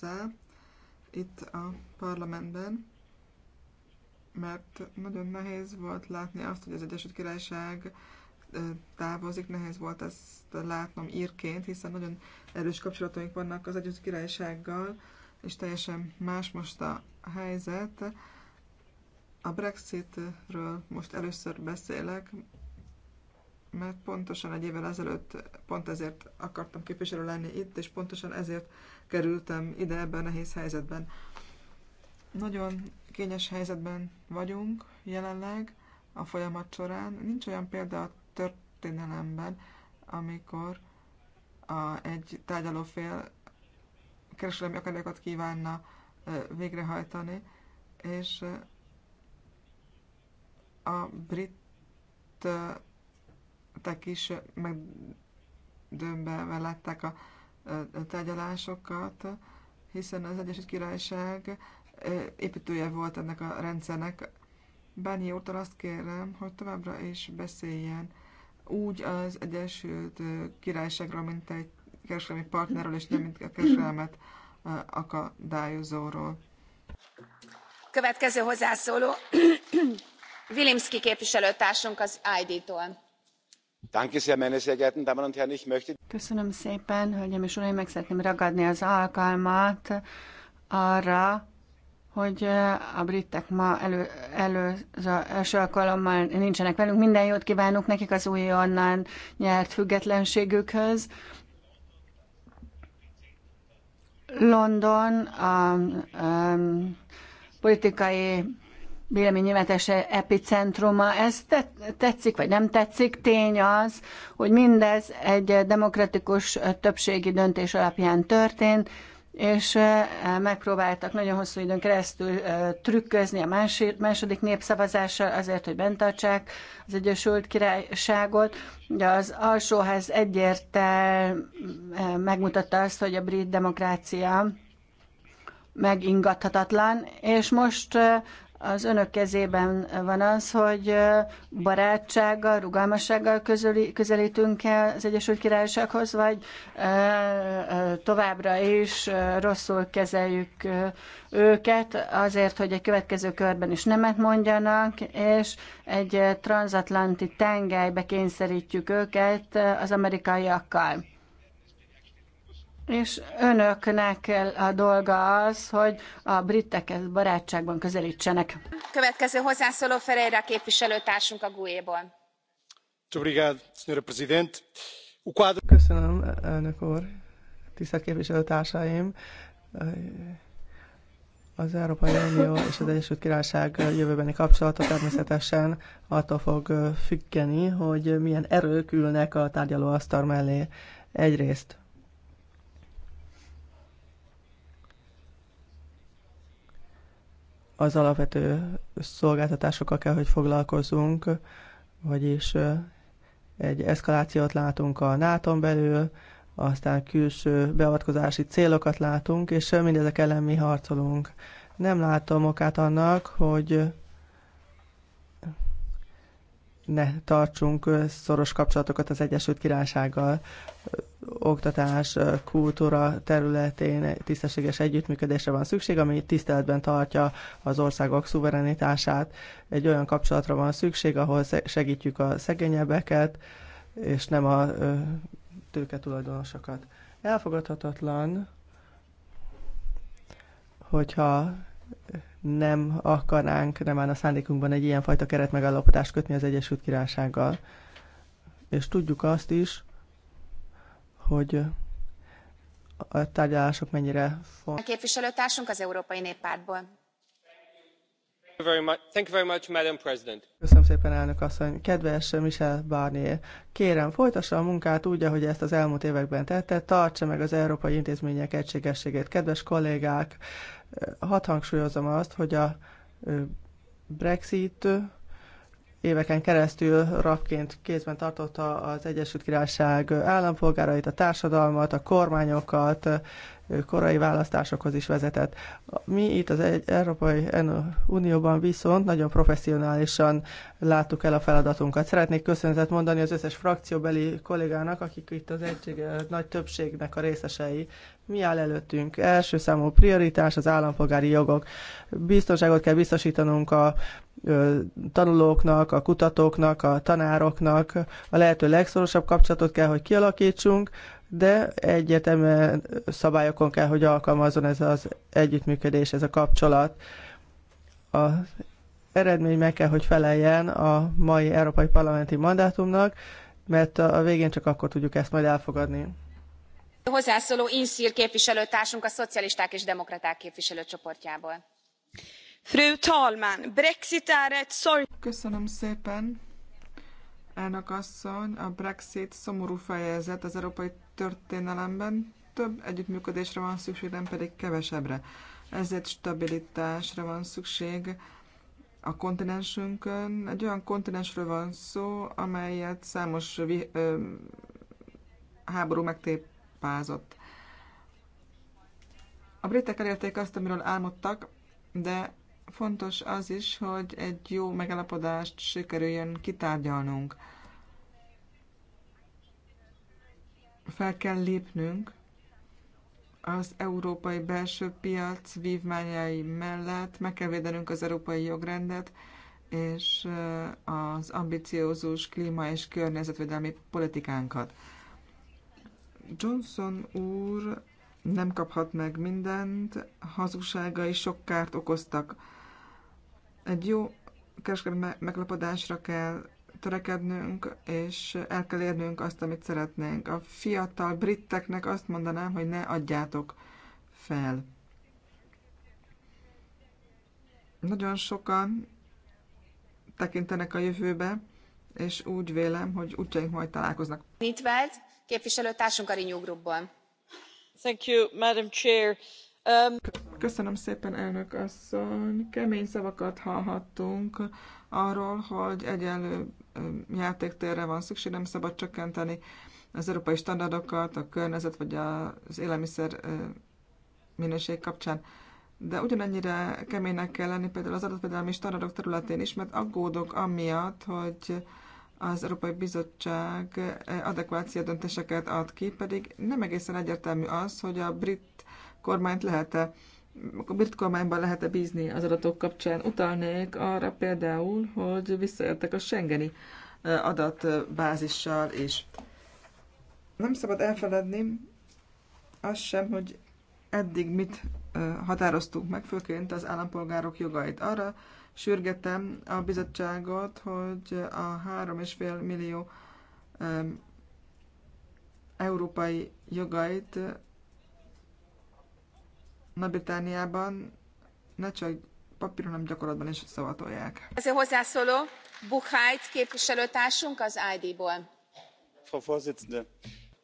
hozzá itt a parlamentben, mert nagyon nehéz volt látni azt, hogy az Egyesült Királyság távozik, nehéz volt ezt látnom írként, hiszen nagyon erős kapcsolataink vannak az Egyesült Királysággal, és teljesen más most a helyzet. A Brexitről most először beszélek, mert pontosan egy évvel ezelőtt pont ezért akartam képviselő lenni itt, és pontosan ezért kerültem ide ebben a nehéz helyzetben. Nagyon kényes helyzetben vagyunk jelenleg a folyamat során. Nincs olyan példa a történelemben, amikor a, egy tárgyalófél kereskedelmi akadályokat kívánna végrehajtani, és a brit is megdömbelve látták a tárgyalásokat, hiszen az Egyesült Királyság építője volt ennek a rendszernek. Bányi úrtól azt kérem, hogy továbbra is beszéljen úgy az Egyesült Királyságról, mint egy kereskedelmi partnerről, és nem mint a kereskedelmet akadályozóról. Következő hozzászóló Vilimszki képviselőtársunk az ID-tól Köszönöm szépen, hölgyem és uraim, meg szeretném ragadni az alkalmat arra, hogy a britek ma elő, elő, első alkalommal nincsenek velünk. Minden jót kívánunk nekik az új onnan nyert függetlenségükhöz. London a, a, a politikai véleménynyilvánatása epicentruma. Ez tetszik, vagy nem tetszik. Tény az, hogy mindez egy demokratikus többségi döntés alapján történt, és megpróbáltak nagyon hosszú időn keresztül trükközni a második népszavazással azért, hogy bentartsák az Egyesült Királyságot. De az alsóház egyértelműen megmutatta azt, hogy a brit demokrácia megingathatatlan, és most az önök kezében van az, hogy barátsággal, rugalmassággal közöli, közelítünk el az Egyesült Királysághoz, vagy továbbra is rosszul kezeljük őket azért, hogy egy következő körben is nemet mondjanak, és egy transatlanti tengelybe kényszerítjük őket az amerikaiakkal. És önöknek a dolga az, hogy a britekhez barátságban közelítsenek. Következő hozzászóló Ferreira képviselőtársunk a GUE-ból. Köszönöm, elnök úr. Tisztelt képviselőtársaim! Az Európai Unió és az Egyesült Királyság jövőbeni kapcsolata természetesen attól fog függeni, hogy milyen erők ülnek a tárgyalóasztal mellé. Egyrészt az alapvető szolgáltatásokkal kell, hogy foglalkozunk, vagyis egy eszkalációt látunk a nato belül, aztán külső beavatkozási célokat látunk, és mindezek ellen mi harcolunk. Nem látom okát annak, hogy ne tartsunk szoros kapcsolatokat az Egyesült Királysággal oktatás, kultúra területén tisztességes együttműködésre van szükség, ami tiszteletben tartja az országok szuverenitását. Egy olyan kapcsolatra van szükség, ahol segítjük a szegényebbeket, és nem a tőketulajdonosokat. Elfogadhatatlan, hogyha nem akarnánk, nem áll a szándékunkban egy ilyenfajta keretmegállapodást kötni az Egyesült Királysággal. És tudjuk azt is, hogy a tárgyalások mennyire fontos. Képviselőtársunk az Európai Néppártból. Köszönöm szépen, elnök asszony. Kedves Michel Barnier, kérem, folytassa a munkát úgy, ahogy ezt az elmúlt években tette, tartsa meg az európai intézmények egységességét. Kedves kollégák, Hat hangsúlyozom azt, hogy a Brexit éveken keresztül rabként kézben tartotta az Egyesült Királyság állampolgárait, a társadalmat, a kormányokat, korai választásokhoz is vezetett. Mi itt az Európai Unióban viszont nagyon professzionálisan láttuk el a feladatunkat. Szeretnék köszönetet mondani az összes frakcióbeli kollégának, akik itt az egység nagy többségnek a részesei. Mi áll előttünk? Első számú prioritás az állampolgári jogok. Biztonságot kell biztosítanunk a tanulóknak, a kutatóknak, a tanároknak a lehető legszorosabb kapcsolatot kell, hogy kialakítsunk, de egyetemen szabályokon kell, hogy alkalmazzon ez az együttműködés, ez a kapcsolat. Az eredmény meg kell, hogy feleljen a mai Európai Parlamenti mandátumnak, mert a végén csak akkor tudjuk ezt majd elfogadni. Hozzászóló Inszír képviselőtársunk a Szocialisták és Demokraták képviselőcsoportjából Fru talman, Brexit är ett Köszönöm szépen, elnök asszony. A Brexit szomorú fejezet az európai történelemben. Több együttműködésre van szükség, nem pedig kevesebbre. Ezért stabilitásra van szükség a kontinensünkön. Egy olyan kontinensről van szó, amelyet számos vi- ö, háború megtépázott. A britek elérték azt, amiről álmodtak, de fontos az is, hogy egy jó megállapodást sikerüljön kitárgyalnunk. Fel kell lépnünk az európai belső piac vívmányai mellett, meg kell védenünk az európai jogrendet, és az ambiciózus klíma és környezetvédelmi politikánkat. Johnson úr nem kaphat meg mindent, hazugságai sok kárt okoztak egy jó kereskedelmi meglapodásra kell törekednünk, és el kell érnünk azt, amit szeretnénk. A fiatal briteknek azt mondanám, hogy ne adjátok fel. Nagyon sokan tekintenek a jövőbe, és úgy vélem, hogy útjaink majd találkoznak. Nitveld, képviselőtársunk a Renew Thank you, Madam Chair. Köszönöm szépen, elnök asszony. Kemény szavakat hallhattunk arról, hogy egyenlő játéktérre van szükség, nem szabad csökkenteni az európai standardokat, a környezet vagy az élelmiszer minőség kapcsán. De ugyanennyire keménynek kell lenni például az adatvédelmi standardok területén is, mert aggódok amiatt, hogy az Európai Bizottság adekvácia döntéseket ad ki, pedig nem egészen egyértelmű az, hogy a brit kormányt lehet-e, a brit kormányban lehet-e bízni az adatok kapcsán. Utalnék arra például, hogy visszajöttek a Schengeni adatbázissal is. Nem szabad elfeledni azt sem, hogy eddig mit határoztunk meg, főként az állampolgárok jogait. Arra sürgetem a bizottságot, hogy a 3,5 millió európai jogait nagy-Britániában ne csak papíron, hanem gyakorlatban is szavatolják. Ez a hozzászóló Buchheit képviselőtársunk az ID-ból. Frau Vorsitzende,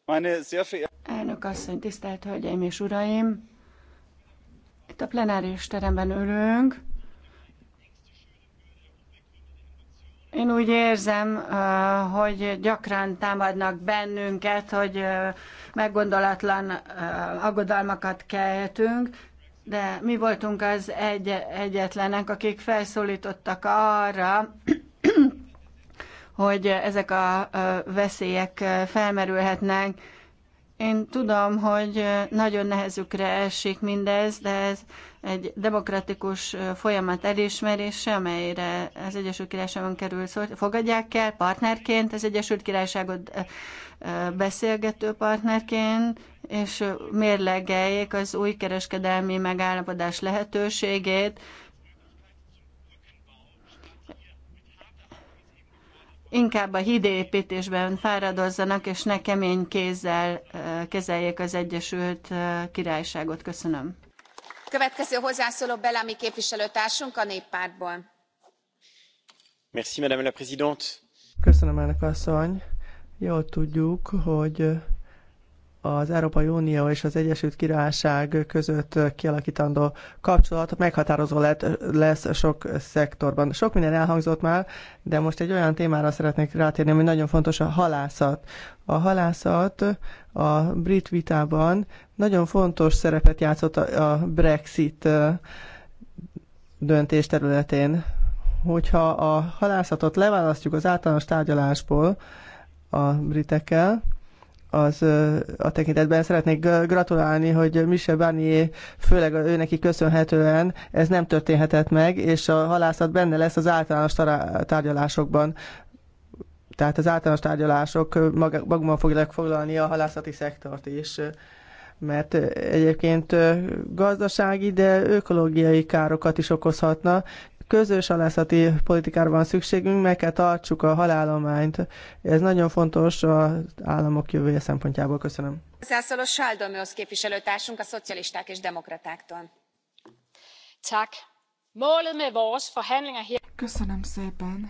meine sehr verehrten... Elnök asszony, tisztelt hölgyeim és uraim! Itt a plenáris teremben ülünk, Én úgy érzem, hogy gyakran támadnak bennünket, hogy meggondolatlan aggodalmakat keltünk, de mi voltunk az egy, egyetlenek, akik felszólítottak arra, hogy ezek a veszélyek felmerülhetnek, én tudom, hogy nagyon nehezükre esik mindez, de ez egy demokratikus folyamat elismerése, amelyre az Egyesült Királyságon kerül szó. Fogadják el partnerként az Egyesült Királyságot beszélgető partnerként, és mérlegeljék az új kereskedelmi megállapodás lehetőségét, inkább a hídépítésben fáradozzanak, és ne kemény kézzel kezeljék az Egyesült Királyságot. Köszönöm. Következő hozzászóló Belami képviselőtársunk a néppártból. Merci, Madame la Présidente. Köszönöm, elnök asszony. Jól tudjuk, hogy az Európai Unió és az Egyesült Királyság között kialakítandó kapcsolat meghatározó lett, lesz sok szektorban. Sok minden elhangzott már, de most egy olyan témára szeretnék rátérni, ami nagyon fontos, a halászat. A halászat a brit vitában nagyon fontos szerepet játszott a Brexit döntés területén. Hogyha a halászatot leválasztjuk az általános tárgyalásból a britekkel, az, a tekintetben. Szeretnék gratulálni, hogy Michel Barnier, főleg ő neki köszönhetően ez nem történhetett meg, és a halászat benne lesz az általános tárgyalásokban. Tehát az általános tárgyalások magukban fogják foglalni a halászati szektort is mert egyébként gazdasági, de ökológiai károkat is okozhatna, Közös halászati politikára van szükségünk, meg kell tartsuk a halálományt. Ez nagyon fontos az államok jövője szempontjából. Köszönöm. Zászoló Sáldomősz képviselőtársunk a szocialisták és demokratáktól. Tak. Köszönöm szépen.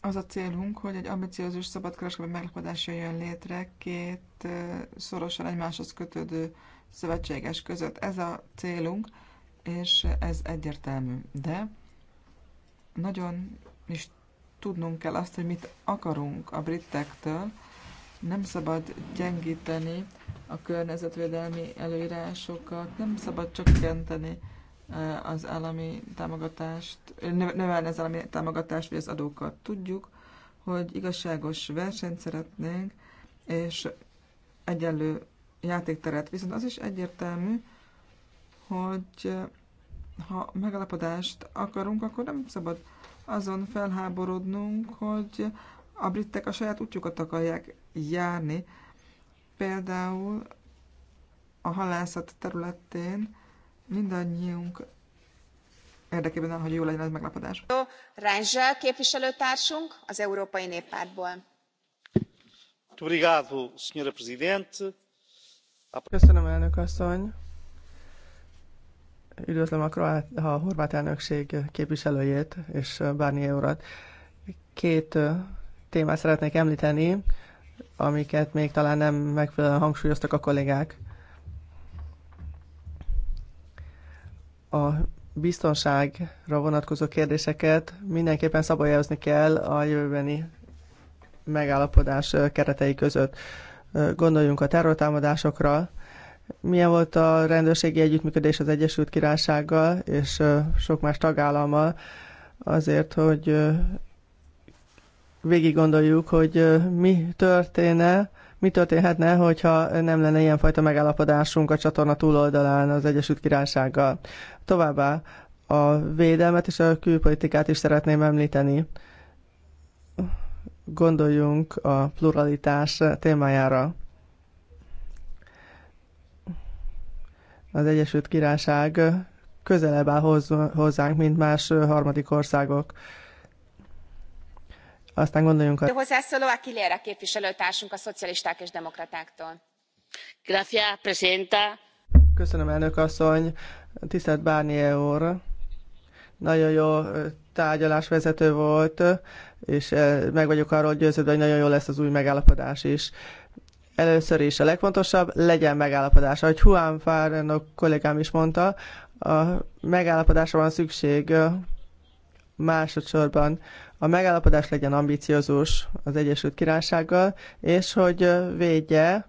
Az a célunk, hogy egy ambiciózus szabadkereskedelmi megállapodás jön létre két szorosan egymáshoz kötődő szövetséges között. Ez a célunk és ez egyértelmű. De nagyon is tudnunk kell azt, hogy mit akarunk a britektől. Nem szabad gyengíteni a környezetvédelmi előírásokat, nem szabad csökkenteni eh, az állami támogatást, eh, növelni az állami támogatást vagy az adókat. Tudjuk, hogy igazságos versenyt szeretnénk, és egyenlő játékteret. Viszont az is egyértelmű, hogy eh, ha megalapodást akarunk, akkor nem szabad azon felháborodnunk, hogy a britek a saját útjukat akarják járni. Például a halászat területén mindannyiunk érdekében áll, hogy jó legyen ez meglepadás. Ránzsa képviselőtársunk az Európai Néppártból. Köszönöm, elnök asszony! üdvözlöm a, Kroát, a horvát elnökség képviselőjét és Bárnyi urat. Két témát szeretnék említeni, amiket még talán nem megfelelően hangsúlyoztak a kollégák. A biztonságra vonatkozó kérdéseket mindenképpen szabályozni kell a jövőbeni megállapodás keretei között. Gondoljunk a terrortámadásokra, milyen volt a rendőrségi együttműködés az Egyesült Királysággal és sok más tagállammal azért, hogy végig gondoljuk, hogy mi történne, mi történhetne, hogyha nem lenne ilyenfajta megállapodásunk a csatorna túloldalán az Egyesült Királysággal. Továbbá a védelmet és a külpolitikát is szeretném említeni. Gondoljunk a pluralitás témájára. az Egyesült Királyság közelebb áll hozzánk, mint más harmadik országok. Aztán gondoljunk a... Hozzászóló a Kilére képviselőtársunk a szocialisták és demokratáktól. Grazia presidenta. Köszönöm, elnök asszony. Tisztelt Bárnyé úr. Nagyon jó tárgyalásvezető volt, és meg vagyok arról győződve, hogy nagyon jó lesz az új megállapodás is Először is a legfontosabb, legyen megállapodás. Ahogy Juan a kollégám is mondta, a megállapodásra van szükség másodszorban. A megállapodás legyen ambiciózus az Egyesült Királysággal, és hogy védje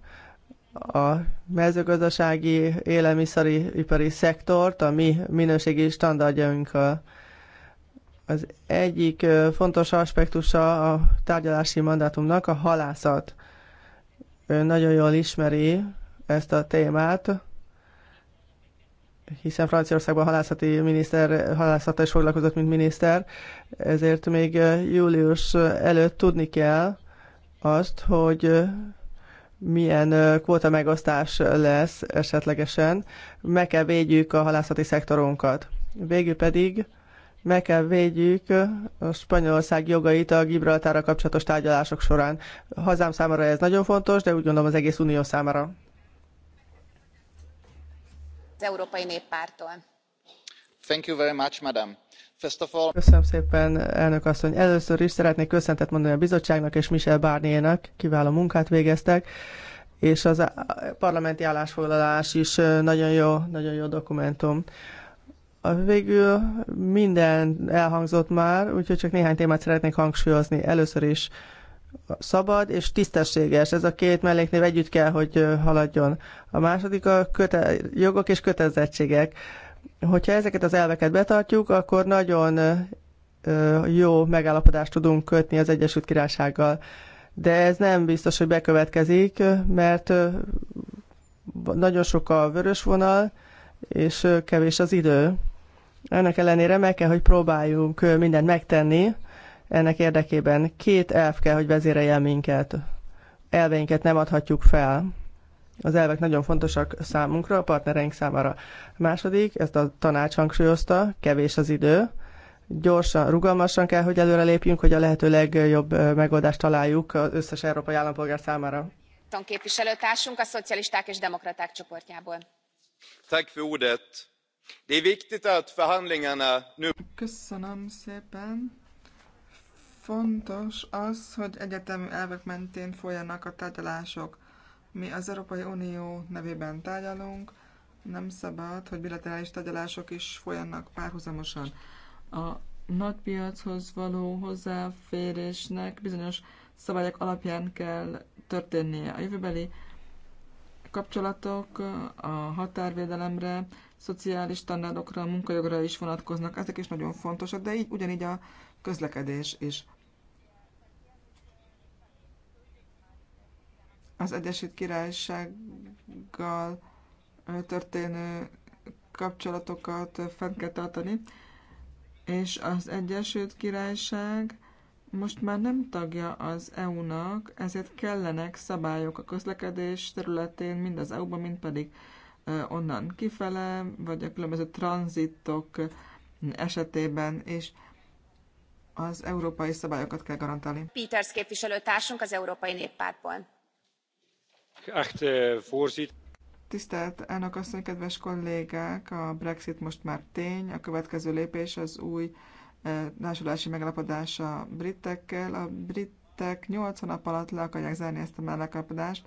a mezőgazdasági, élelmiszeripari szektort, a mi minőségi standardjainkkal. Az egyik fontos aspektusa a tárgyalási mandátumnak a halászat nagyon jól ismeri ezt a témát, hiszen Franciaországban halászati miniszter, halászata is foglalkozott, mint miniszter, ezért még július előtt tudni kell azt, hogy milyen kvóta megosztás lesz esetlegesen. Meg kell védjük a halászati szektorunkat. Végül pedig meg kell védjük a Spanyolország jogait a Gibraltára kapcsolatos tárgyalások során. A hazám számára ez nagyon fontos, de úgy gondolom az egész Unió számára. Az Európai Néppártól. Thank you very much, madam. First of all... Köszönöm szépen, elnök asszony. Először is szeretnék köszöntet mondani a bizottságnak és Michel Barnier-nek, kiváló munkát végeztek és az parlamenti állásfoglalás is nagyon jó, nagyon jó dokumentum. Végül minden elhangzott már, úgyhogy csak néhány témát szeretnék hangsúlyozni. Először is szabad és tisztességes. Ez a két melléknév együtt kell, hogy haladjon. A második a köte- jogok és kötelezettségek. Hogyha ezeket az elveket betartjuk, akkor nagyon jó megállapodást tudunk kötni az Egyesült Királysággal. De ez nem biztos, hogy bekövetkezik, mert nagyon sok a vörös vonal, és kevés az idő. Ennek ellenére meg kell, hogy próbáljunk mindent megtenni, ennek érdekében két elv kell, hogy vezérelje minket. Elveinket nem adhatjuk fel. Az elvek nagyon fontosak számunkra, a partnereink számára. A második, ezt a tanács hangsúlyozta, kevés az idő. Gyorsan, rugalmasan kell, hogy előre lépjünk, hogy a lehető legjobb megoldást találjuk az összes európai állampolgár számára. Képviselőtársunk a szocialisták és demokraták csoportjából. Thank you, Det är viktigt att förhandlingarna nu... Köszönöm szépen. Fontos az, hogy egyetemi elvek mentén folyanak a tárgyalások. Mi az Európai Unió nevében tárgyalunk, nem szabad, hogy bilaterális tárgyalások is folyannak párhuzamosan. A nagypiachoz való hozzáférésnek bizonyos szabályok alapján kell történnie. A jövőbeli kapcsolatok a határvédelemre, szociális standardokra, a munkajogra is vonatkoznak, ezek is nagyon fontosak, de így ugyanígy a közlekedés is. Az Egyesült Királysággal történő kapcsolatokat fent kell tartani, és az Egyesült Királyság most már nem tagja az EU-nak, ezért kellenek szabályok a közlekedés területén, mind az EU-ban, mind pedig onnan kifele, vagy a különböző tranzitok esetében, és az európai szabályokat kell garantálni. Peters képviselőtársunk az Európai Néppártból. Tisztelt elnök asszony, kedves kollégák! A Brexit most már tény, a következő lépés az új társulási megalapodás a britekkel. A britek 8 nap alatt le akarják zárni ezt a megalapodást,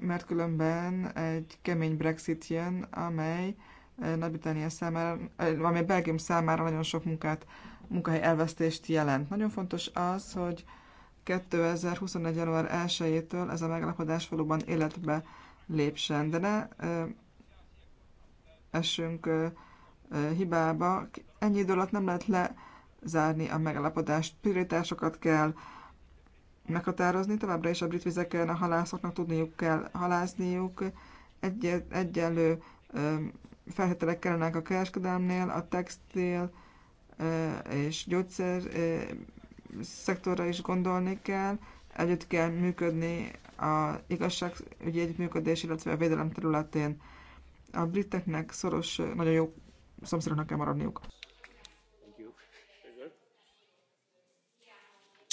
mert különben egy kemény Brexit jön, amely eh, Nagy-Britannia számára, eh, amely Belgium számára nagyon sok munkát, munkahely elvesztést jelent. Nagyon fontos az, hogy 2021. január 1-től ez a megállapodás valóban életbe lépsen, de ne ö, eh, essünk ö, ö, hibába. Ennyi idő alatt nem lehet lezárni a megállapodást. Prioritásokat kell ö, meghatározni. Továbbra is a brit vizeken a halászoknak tudniuk kell halászniuk. Egy, egyenlő feltételek kellenek a kereskedelmnél, a textil és gyógyszer szektorra is gondolni kell. Együtt kell működni a igazságügyi együttműködés, illetve a védelem területén. A briteknek szoros, nagyon jó szomszédoknak kell maradniuk.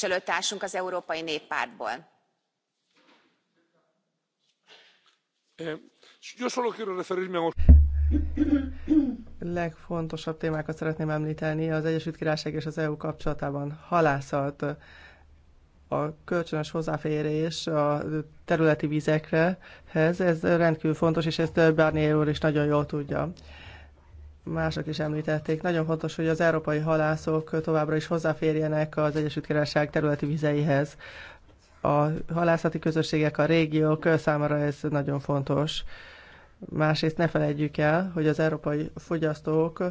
képviselőtársunk az európai néppártból. Legfontosabb témákat szeretném említeni az Egyesült Királyság és az EU kapcsolatában. Halászat, a kölcsönös hozzáférés a területi vizekhez, ez rendkívül fontos, és ezt Barnier úr is nagyon jól tudja mások is említették. Nagyon fontos, hogy az európai halászok továbbra is hozzáférjenek az Egyesült Királyság területi vizeihez. A halászati közösségek, a régiók számára ez nagyon fontos. Másrészt ne felejtjük el, hogy az európai fogyasztók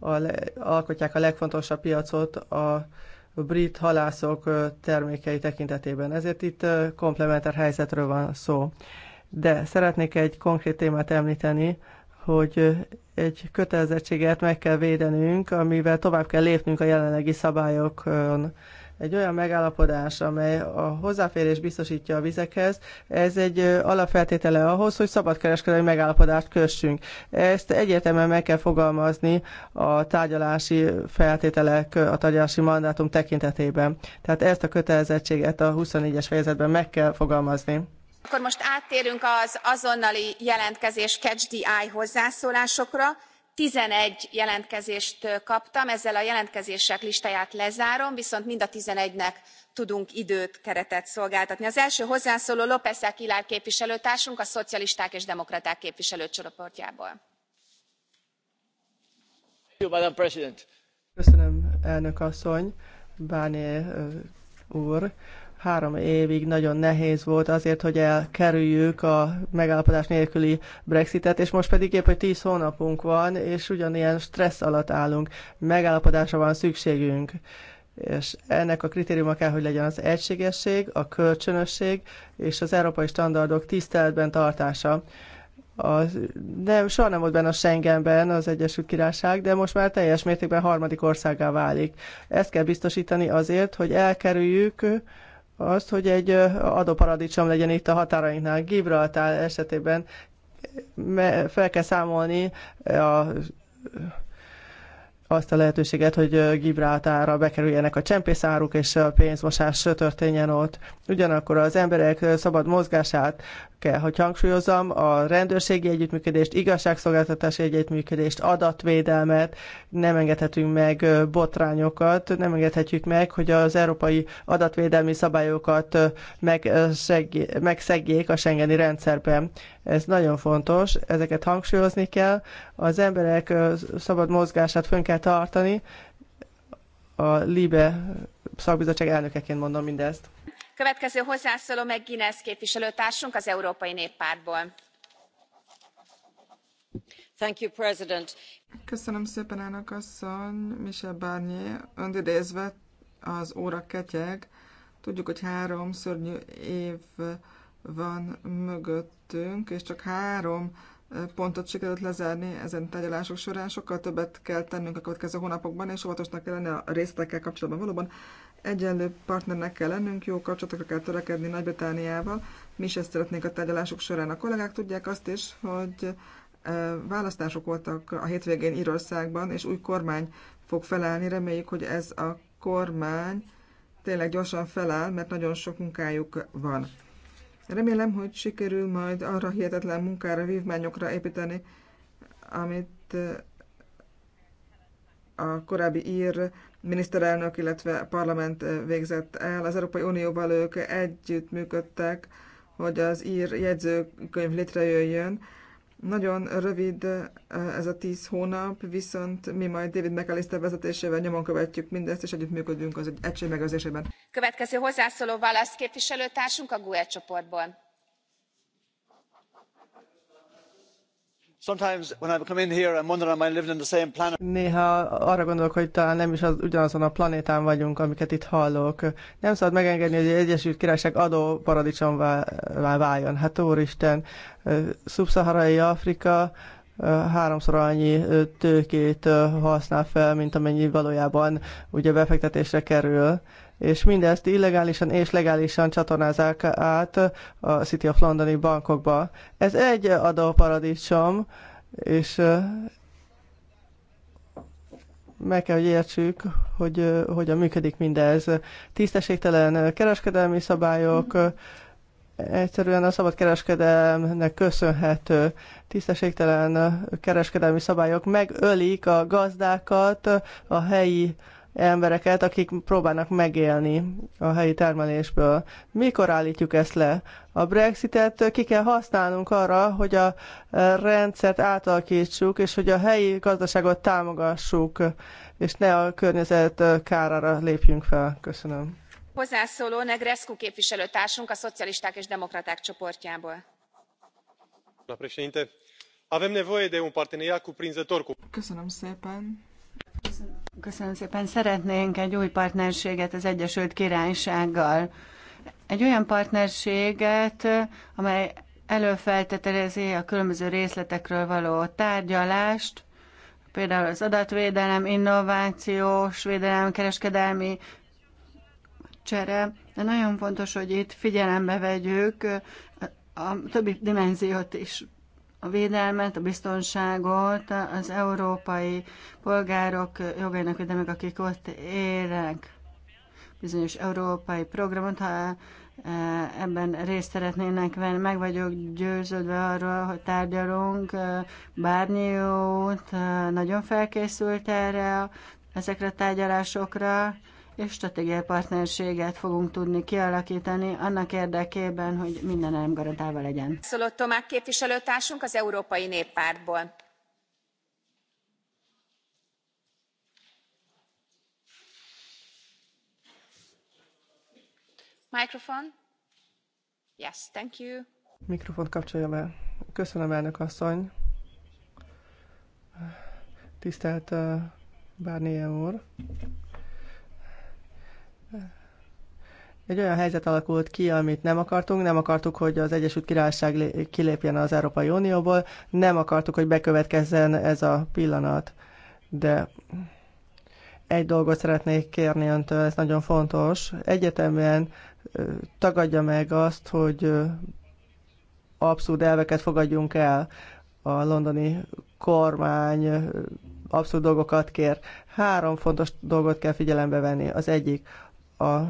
a le, alkotják a legfontosabb piacot a brit halászok termékei tekintetében. Ezért itt komplementer helyzetről van szó. De szeretnék egy konkrét témát említeni, hogy egy kötelezettséget meg kell védenünk, amivel tovább kell lépnünk a jelenlegi szabályokon. Egy olyan megállapodás, amely a hozzáférés biztosítja a vizekhez, ez egy alapfeltétele ahhoz, hogy szabadkereskedelmi megállapodást kössünk. Ezt egyértelműen meg kell fogalmazni a tárgyalási feltételek, a tárgyalási mandátum tekintetében. Tehát ezt a kötelezettséget a 24-es fejezetben meg kell fogalmazni. Akkor most áttérünk az azonnali jelentkezés Catch the Eye hozzászólásokra. 11 jelentkezést kaptam, ezzel a jelentkezések listáját lezárom, viszont mind a tizenegynek nek tudunk időt, keretet szolgáltatni. Az első hozzászóló López Aguilar képviselőtársunk a Szocialisták és Demokraták képviselőcsoportjából. elnök asszony, úr három évig nagyon nehéz volt azért, hogy elkerüljük a megállapodás nélküli Brexitet, és most pedig épp, hogy tíz hónapunk van, és ugyanilyen stressz alatt állunk. Megállapodásra van szükségünk. És ennek a kritériuma kell, hogy legyen az egységesség, a kölcsönösség és az európai standardok tiszteletben tartása. A, nem, soha nem volt benne a Schengenben az Egyesült Királyság, de most már teljes mértékben harmadik országá válik. Ezt kell biztosítani azért, hogy elkerüljük azt, hogy egy adóparadicsom legyen itt a határainknál. Gibraltár esetében fel kell számolni a azt a lehetőséget, hogy Gibraltára bekerüljenek a csempészáruk, és a pénzmosás történjen ott. Ugyanakkor az emberek szabad mozgását kell, hogy hangsúlyozom, a rendőrségi együttműködést, igazságszolgáltatási együttműködést, adatvédelmet, nem engedhetünk meg botrányokat, nem engedhetjük meg, hogy az európai adatvédelmi szabályokat megszegjék a Schengeni rendszerben. Ez nagyon fontos, ezeket hangsúlyozni kell, az emberek szabad mozgását fönn kell tartani, a LIBE szakbizottság elnökeként mondom mindezt következő képviselőtársunk az európai köszönöm szépen elnök asszony michel barnier önt idézve az óra ketyeg tudjuk hogy három szörnyű év van mögöttünk és csak három eh, pontot sikerült lezárni ezen tárgyalások során. Sokkal többet kell tennünk a következő hónapokban, és óvatosnak kell lenni a részletekkel kapcsolatban. Valóban Egyenlő partnernek kell lennünk, jó kapcsolatokra kell törekedni Nagy-Britániával. Mi is ezt szeretnénk a tárgyalások során. A kollégák tudják azt is, hogy választások voltak a hétvégén Írországban, és új kormány fog felállni. Reméljük, hogy ez a kormány tényleg gyorsan feláll, mert nagyon sok munkájuk van. Remélem, hogy sikerül majd arra hihetetlen munkára, vívmányokra építeni, amit a korábbi ír miniszterelnök, illetve a parlament végzett el. Az Európai Unióval ők együtt működtek, hogy az ír jegyzőkönyv létrejöjjön. Nagyon rövid ez a tíz hónap, viszont mi majd David McAllister vezetésével nyomon követjük mindezt, és együttműködünk az egység megőrzésében. Következő hozzászóló válasz képviselőtársunk a GUE csoportból Néha arra gondolok, hogy talán nem is az, ugyanazon a planétán vagyunk, amiket itt hallok. Nem szabad megengedni, hogy egy Egyesült Királyság adó paradicsomvá váljon. Hát úristen, szubszaharai Afrika háromszor annyi tőkét használ fel, mint amennyi valójában ugye befektetésre kerül és mindezt illegálisan és legálisan csatornázák át a City of Londoni bankokba. Ez egy adóparadicsom, és meg kell, hogy értsük, hogy hogyan működik mindez. Tisztességtelen kereskedelmi szabályok, egyszerűen a szabad kereskedelmnek köszönhető tisztességtelen kereskedelmi szabályok megölik a gazdákat, a helyi embereket, akik próbálnak megélni a helyi termelésből. Mikor állítjuk ezt le? A Brexitet ki kell használnunk arra, hogy a rendszert átalakítsuk, és hogy a helyi gazdaságot támogassuk, és ne a környezet kárára lépjünk fel. Köszönöm. Hozzászóló Negrescu képviselőtársunk a Szocialisták és Demokraták csoportjából. Köszönöm szépen Köszönöm szépen. Szeretnénk egy új partnerséget az Egyesült Királysággal. Egy olyan partnerséget, amely előfeltételezi a különböző részletekről való tárgyalást, például az adatvédelem, innovációs védelem, kereskedelmi csere, de nagyon fontos, hogy itt figyelembe vegyük a többi dimenziót is a védelmet, a biztonságot az európai polgárok jogainak védelmek, akik ott élnek. Bizonyos európai programot, ha e, ebben részt szeretnének venni. Meg vagyok győződve arról, hogy tárgyalunk. E, Bárnyi e, nagyon felkészült erre, ezekre a tárgyalásokra és stratégiai partnerséget fogunk tudni kialakítani annak érdekében, hogy minden elem garantálva legyen. Szolott Tomák képviselőtársunk az Európai Néppártból. Mikrofon? Yes, thank you. Mikrofont kapcsolja be. Köszönöm, elnök asszony. Tisztelt uh, Bárnéje úr egy olyan helyzet alakult ki, amit nem akartunk, nem akartuk, hogy az Egyesült Királyság kilépjen az Európai Unióból, nem akartuk, hogy bekövetkezzen ez a pillanat. De egy dolgot szeretnék kérni öntől, ez nagyon fontos. Egyetemben tagadja meg azt, hogy abszurd elveket fogadjunk el. A londoni kormány abszurd dolgokat kér. Három fontos dolgot kell figyelembe venni. Az egyik, a,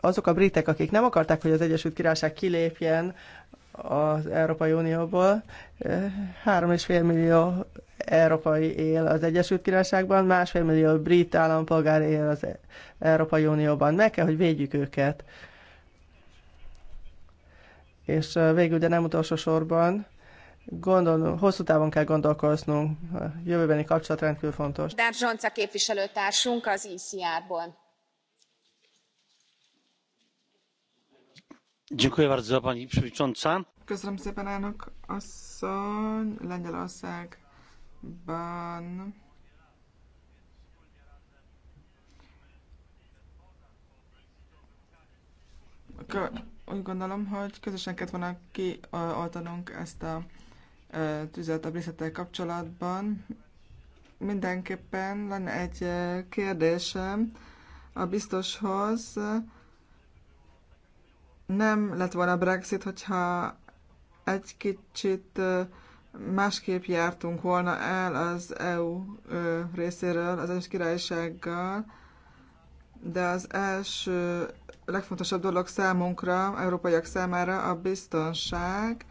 azok a britek, akik nem akarták, hogy az Egyesült Királyság kilépjen az Európai Unióból, 3,5 eh, millió európai él az Egyesült Királyságban, másfél millió brit állampolgár él az Európai Unióban. Meg kell, hogy védjük őket. És eh, végül, de nem utolsó sorban, gondol, hosszú távon kell gondolkoznunk. A jövőbeni kapcsolat rendkívül fontos. Dár Zsonca képviselőtársunk az ICR-ból. E Köszönöm szépen, elnök asszony. Lengyelországban úgy gondolom, hogy közösen kellett volna kioltanunk ezt a tüzet a Brisszettel kapcsolatban. Mindenképpen lenne egy kérdésem a biztoshoz, nem lett volna Brexit, hogyha egy kicsit másképp jártunk volna el az EU részéről, az egyes királysággal, de az első legfontosabb dolog számunkra, európaiak számára a biztonság,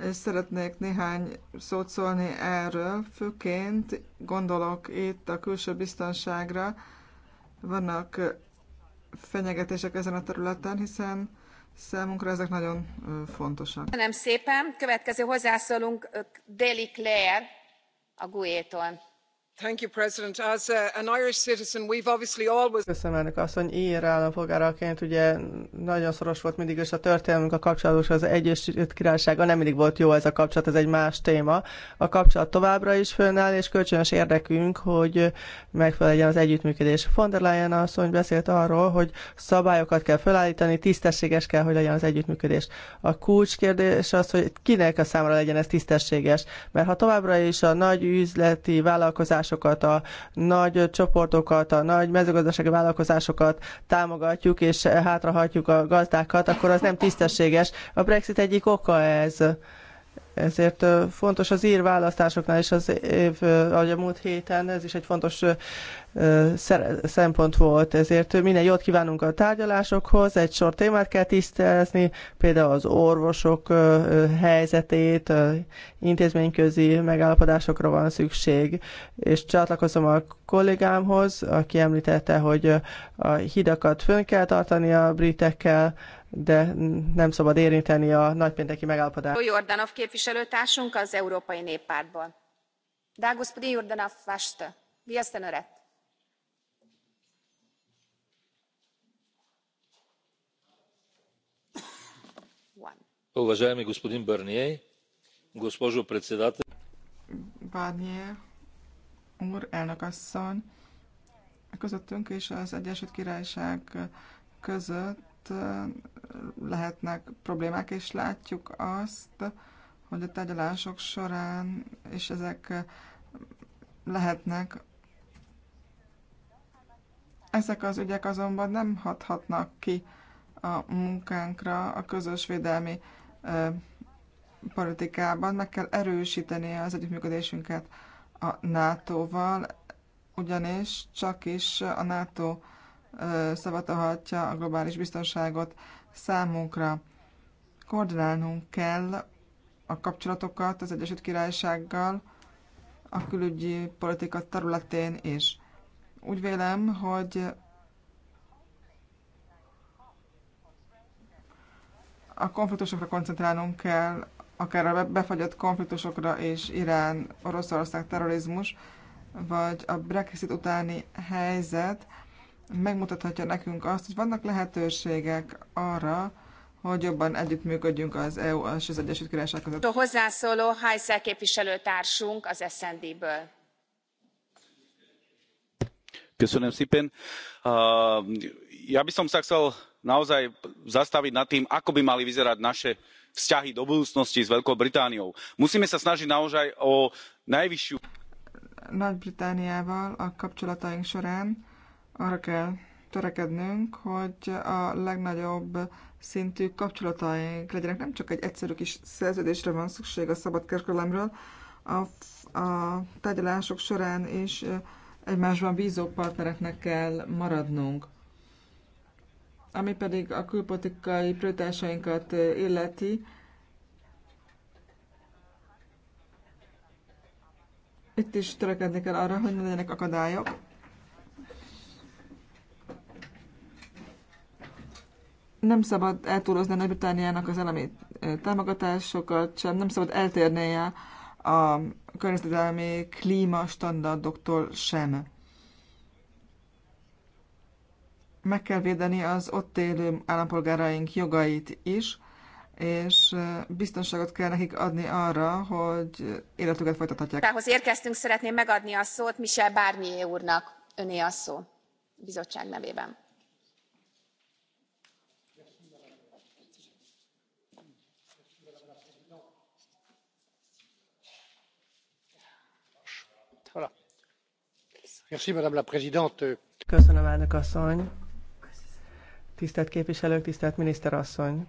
és szeretnék néhány szót szólni erről, főként gondolok itt a külső biztonságra, vannak fenyegetések ezen a területen, hiszen Számunkra ezek nagyon fontosak. Köszönöm szépen. Következő hozzászólunk Deli Claire a GUE-tól Köszönöm, elnök asszony. Ír állampolgáraként ugye nagyon szoros volt mindig is a történelmünk a kapcsolatos az Egyesült Királysága. Nem mindig volt jó ez a kapcsolat, ez egy más téma. A kapcsolat továbbra is fönnáll, és kölcsönös érdekünk, hogy megfeleljen az együttműködés. Von der Leyen asszony beszélt arról, hogy szabályokat kell felállítani, tisztességes kell, hogy legyen az együttműködés. A kulcskérdés az, hogy kinek a számra legyen ez tisztességes. Mert ha továbbra is a nagy üzleti vállalkozás vállalkozásokat, a nagy csoportokat, a nagy mezőgazdasági vállalkozásokat támogatjuk és hátrahagyjuk a gazdákat, akkor az nem tisztességes. A Brexit egyik oka ez. Ezért fontos az ír választásoknál az év, ahogy a múlt héten, ez is egy fontos szempont volt. Ezért minden jót kívánunk a tárgyalásokhoz, egy sor témát kell tisztelni például az orvosok helyzetét, intézményközi megállapodásokra van szükség. És csatlakozom a kollégámhoz, aki említette, hogy a hidakat fönn kell tartani a britekkel, de nem szabad érinteni a nagypénteki megállapodást. Jordanov képviselőtársunk az Európai Néppártból. Da, gospodin Jordanov, vaste. Vi este er în red. Уважаеми господин Барние, госпожо председател. Barnier úr, elnökasszony, közöttünk és az Egyesült Királyság között ott lehetnek problémák, és látjuk azt, hogy a tárgyalások során és ezek lehetnek. Ezek az ügyek azonban nem hathatnak ki a munkánkra a közös védelmi politikában. Meg kell erősíteni az együttműködésünket a NATO-val, ugyanis csak is a NATO szavatohatja a globális biztonságot számunkra. Koordinálnunk kell a kapcsolatokat az Egyesült Királysággal a külügyi politika területén is. Úgy vélem, hogy a konfliktusokra koncentrálnunk kell, akár a befagyott konfliktusokra és Irán, Oroszország terrorizmus, vagy a Brexit utáni helyzet, megmutathatja nekünk azt, hogy vannak lehetőségek arra, hogy jobban együttműködjünk az EU és az Egyesült Királyság között. A hozzászóló Heisel képviselőtársunk az SND-ből. Köszönöm szépen. Uh, ja by som sa chcel naozaj zastaviť nad tým, ako by mali vyzerať naše vzťahy do budúcnosti s Veľkou Britániou. Musíme sa snažiť naozaj o najvyššiu... Nagy-Britániával a kapcsolataink során arra kell törekednünk, hogy a legnagyobb szintű kapcsolataink legyenek. Nem csak egy egyszerű kis szerződésre van szükség a szabadkereskedelemről, a, a tárgyalások során is egymásban bízó partnereknek kell maradnunk. Ami pedig a külpolitikai prioritásainkat illeti, itt is törekedni kell arra, hogy ne legyenek akadályok, nem szabad eltúrozni a nagy az elemi támogatásokat sem, nem szabad eltérnie a környezetedelmi klíma standardoktól sem. Meg kell védeni az ott élő állampolgáraink jogait is, és biztonságot kell nekik adni arra, hogy életüket folytathatják. Tehát érkeztünk, szeretném megadni a szót Michel Barnier úrnak. Öné a szó, bizottság nevében Köszönöm, elnök asszony. Tisztelt képviselők, tisztelt miniszter asszony.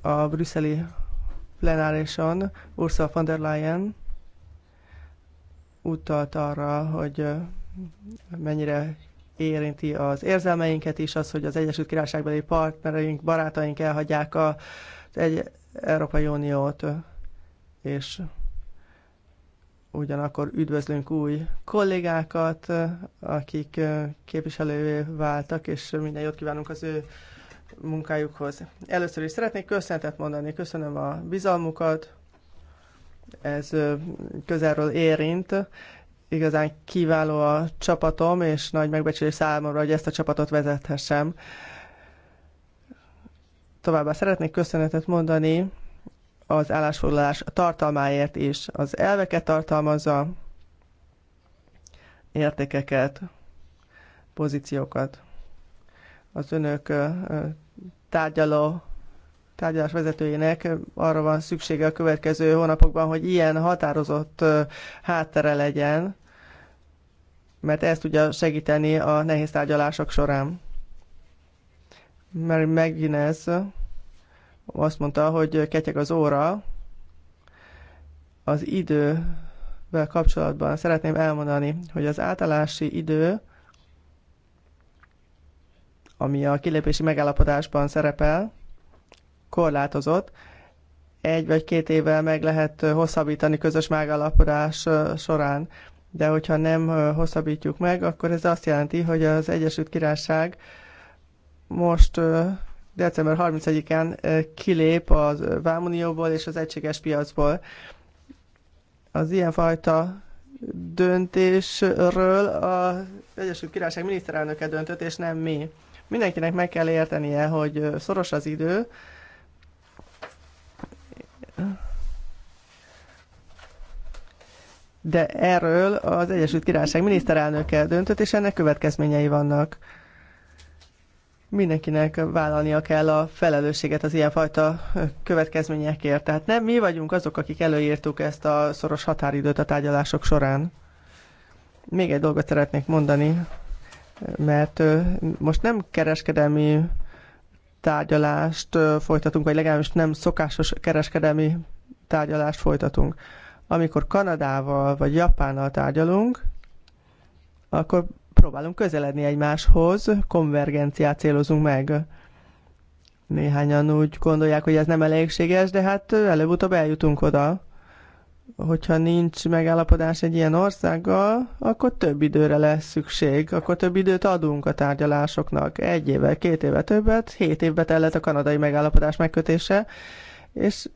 A brüsszeli plenárison Ursula von der Leyen utalt arra, hogy mennyire érinti az érzelmeinket is, az, hogy az Egyesült Királyságbeli partnereink, barátaink elhagyják az egy Európai Uniót és ugyanakkor üdvözlünk új kollégákat, akik képviselővé váltak, és minden jót kívánunk az ő munkájukhoz. Először is szeretnék köszönetet mondani, köszönöm a bizalmukat, ez közelről érint. Igazán kiváló a csapatom, és nagy megbecsülés számomra, hogy ezt a csapatot vezethessem. Továbbá szeretnék köszönetet mondani az állásfoglalás tartalmáért is. Az elveket tartalmazza, értékeket, pozíciókat. Az önök tárgyaló tárgyalás vezetőjének arra van szüksége a következő hónapokban, hogy ilyen határozott háttere legyen, mert ez tudja segíteni a nehéz tárgyalások során. Mert McGuinness azt mondta, hogy ketyeg az óra. Az idővel kapcsolatban szeretném elmondani, hogy az átállási idő, ami a kilépési megállapodásban szerepel, korlátozott. Egy vagy két évvel meg lehet hosszabbítani közös megállapodás során. De hogyha nem hosszabbítjuk meg, akkor ez azt jelenti, hogy az Egyesült Királyság most december 31 en kilép a Vámunióból és az egységes piacból. Az ilyenfajta döntésről az Egyesült Királyság miniszterelnöke döntött, és nem mi. Mindenkinek meg kell értenie, hogy szoros az idő, de erről az Egyesült Királyság miniszterelnöke döntött, és ennek következményei vannak mindenkinek vállalnia kell a felelősséget az ilyenfajta következményekért. Tehát nem mi vagyunk azok, akik előírtuk ezt a szoros határidőt a tárgyalások során. Még egy dolgot szeretnék mondani, mert most nem kereskedelmi tárgyalást folytatunk, vagy legalábbis nem szokásos kereskedelmi tárgyalást folytatunk. Amikor Kanadával vagy Japánnal tárgyalunk, akkor próbálunk közeledni egymáshoz, konvergenciát célozunk meg. Néhányan úgy gondolják, hogy ez nem elégséges, de hát előbb-utóbb eljutunk oda. Hogyha nincs megállapodás egy ilyen országgal, akkor több időre lesz szükség, akkor több időt adunk a tárgyalásoknak. Egy éve, két éve többet, hét évbe tellett a kanadai megállapodás megkötése, és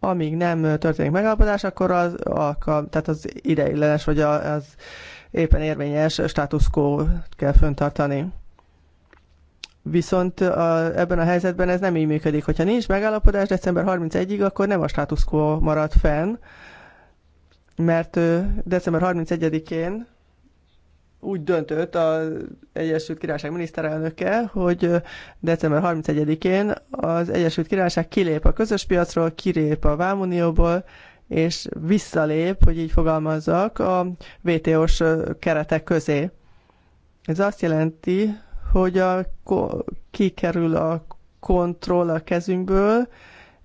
amíg nem történik megállapodás, akkor az, a, tehát az ideiglenes, vagy az éppen érvényes status quo kell föntartani. Viszont a, ebben a helyzetben ez nem így működik. Hogyha nincs megállapodás december 31-ig, akkor nem a status quo marad fenn, mert december 31-én úgy döntött az Egyesült Királyság miniszterelnöke, hogy december 31-én az Egyesült Királyság kilép a közös piacról, kilép a Vámunióból, és visszalép, hogy így fogalmazzak, a WTO-s keretek közé. Ez azt jelenti, hogy a, kikerül a kontroll a kezünkből,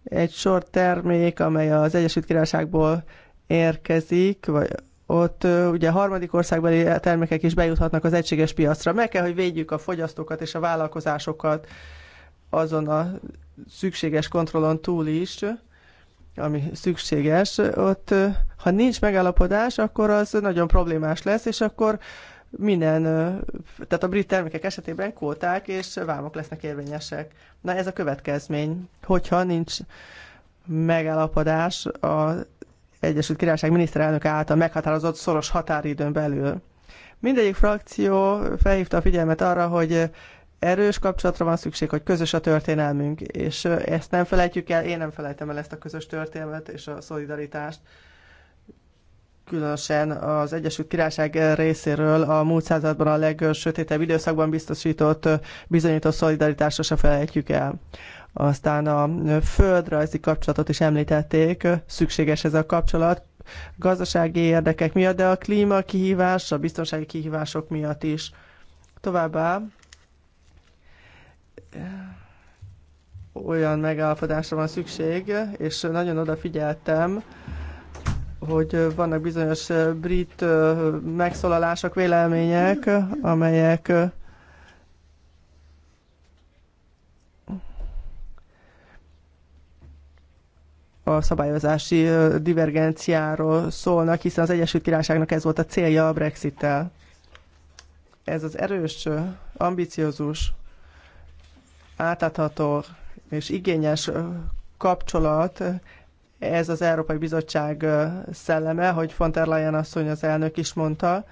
egy sor termék, amely az Egyesült Királyságból érkezik, vagy ott ugye harmadik országbeli termékek is bejuthatnak az egységes piacra. Meg kell, hogy védjük a fogyasztókat és a vállalkozásokat azon a szükséges kontrollon túl is, ami szükséges, ott ha nincs megállapodás, akkor az nagyon problémás lesz, és akkor minden, tehát a brit termékek esetében kvóták és vámok lesznek érvényesek. Na ez a következmény, hogyha nincs megállapodás az Egyesült Királyság miniszterelnök által meghatározott szoros határidőn belül. Mindegyik frakció felhívta a figyelmet arra, hogy erős kapcsolatra van szükség, hogy közös a történelmünk, és ezt nem felejtjük el, én nem felejtem el ezt a közös történelmet és a szolidaritást. Különösen az Egyesült Királyság részéről a múlt században a legsötétebb időszakban biztosított bizonyított szolidaritást se felejtjük el. Aztán a földrajzi kapcsolatot is említették, szükséges ez a kapcsolat, gazdasági érdekek miatt, de a klíma kihívás, a biztonsági kihívások miatt is. Továbbá olyan megállapodásra van szükség, és nagyon odafigyeltem, hogy vannak bizonyos brit megszólalások, vélemények, amelyek a szabályozási divergenciáról szólnak, hiszen az Egyesült Királyságnak ez volt a célja a Brexit-tel. Ez az erős, ambiciózus átlátható és igényes kapcsolat, ez az Európai Bizottság szelleme, hogy von der Leyen asszony az elnök is mondta,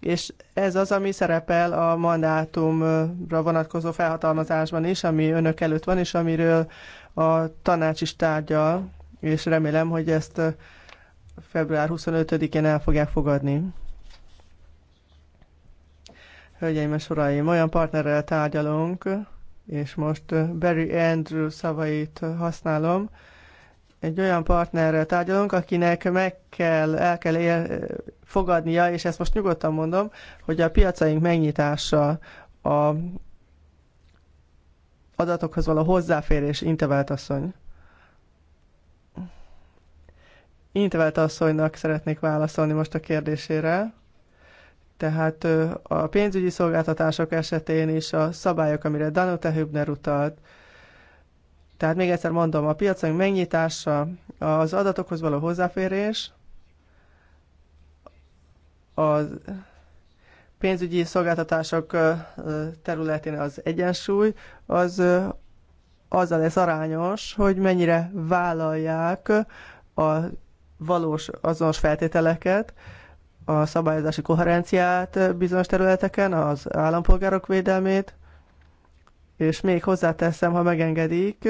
és ez az, ami szerepel a mandátumra vonatkozó felhatalmazásban is, ami önök előtt van, és amiről a tanács is tárgyal, és remélem, hogy ezt február 25-én el fogják fogadni. Hölgyeim és uraim, olyan partnerrel tárgyalunk, és most Barry Andrew szavait használom, egy olyan partnerrel tárgyalunk, akinek meg kell, el kell él, fogadnia, és ezt most nyugodtan mondom, hogy a piacaink megnyitása a adatokhoz való hozzáférés, Intevált asszony. Intevált asszonynak szeretnék válaszolni most a kérdésére. Tehát a pénzügyi szolgáltatások esetén is a szabályok, amire Danuta Hübner utalt, tehát még egyszer mondom, a piacunk megnyitása, az adatokhoz való hozzáférés, a pénzügyi szolgáltatások területén az egyensúly, az azzal lesz arányos, hogy mennyire vállalják a valós azonos feltételeket, a szabályozási koherenciát bizonyos területeken, az állampolgárok védelmét, és még hozzáteszem, ha megengedik,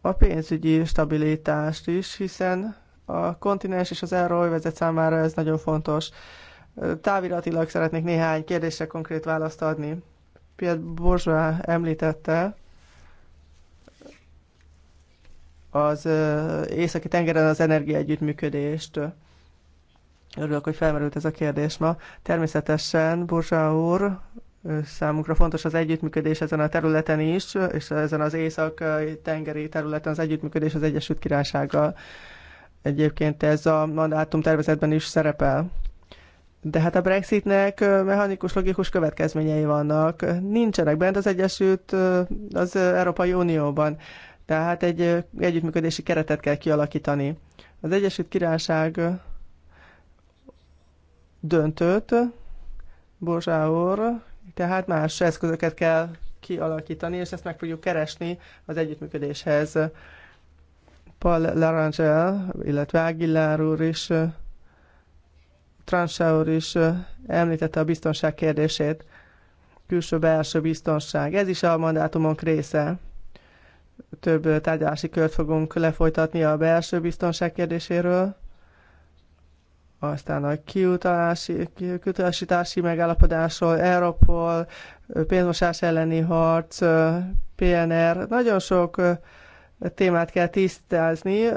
a pénzügyi stabilitást is, hiszen a kontinens és az euró vezet számára ez nagyon fontos. Táviratilag szeretnék néhány kérdésre konkrét választ adni. Pierre Borzsa említette, az északi tengeren az energiaegyüttműködést. Örülök, hogy felmerült ez a kérdés ma. Természetesen, Burzsa úr, számunkra fontos az együttműködés ezen a területen is, és ezen az észak-tengeri területen az együttműködés az Egyesült Királysággal. Egyébként ez a mandátum tervezetben is szerepel. De hát a Brexitnek mechanikus, logikus következményei vannak. Nincsenek bent az Egyesült, az Európai Unióban. Tehát egy együttműködési keretet kell kialakítani. Az Egyesült Királyság döntött, Bozsáor, tehát más eszközöket kell kialakítani, és ezt meg fogjuk keresni az együttműködéshez. Paul Larangel, illetve Aguilar úr is, Transa úr is említette a biztonság kérdését. Külső-belső biztonság. Ez is a mandátumunk része. Több tárgyalási kört fogunk lefolytatni a belső biztonság kérdéséről, aztán a kiutalási, kiutalási megállapodásról, Europol, pénzmosás elleni harc, PNR, nagyon sok témát kell tisztázni,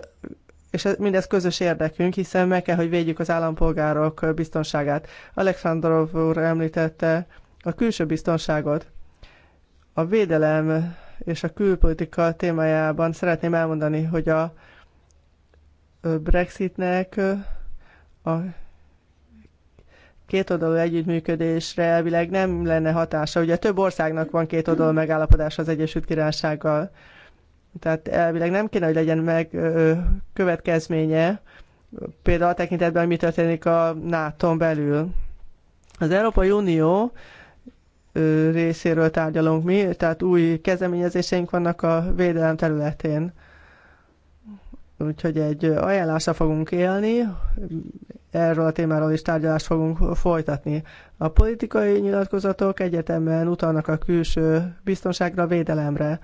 és mindez közös érdekünk, hiszen meg kell, hogy védjük az állampolgárok biztonságát. Alexandrov úr említette a külső biztonságot. A védelem és a külpolitika témájában szeretném elmondani, hogy a Brexitnek a kétoldalú együttműködésre elvileg nem lenne hatása. Ugye több országnak van kétoldalú megállapodás az Egyesült Királysággal, tehát elvileg nem kéne, hogy legyen meg ö, következménye, például a tekintetben, hogy mi történik a nato belül. Az Európai Unió részéről tárgyalunk mi, tehát új kezdeményezéseink vannak a védelem területén. Úgyhogy egy ajánlásra fogunk élni, erről a témáról is tárgyalást fogunk folytatni. A politikai nyilatkozatok egyetemben utalnak a külső biztonságra, védelemre.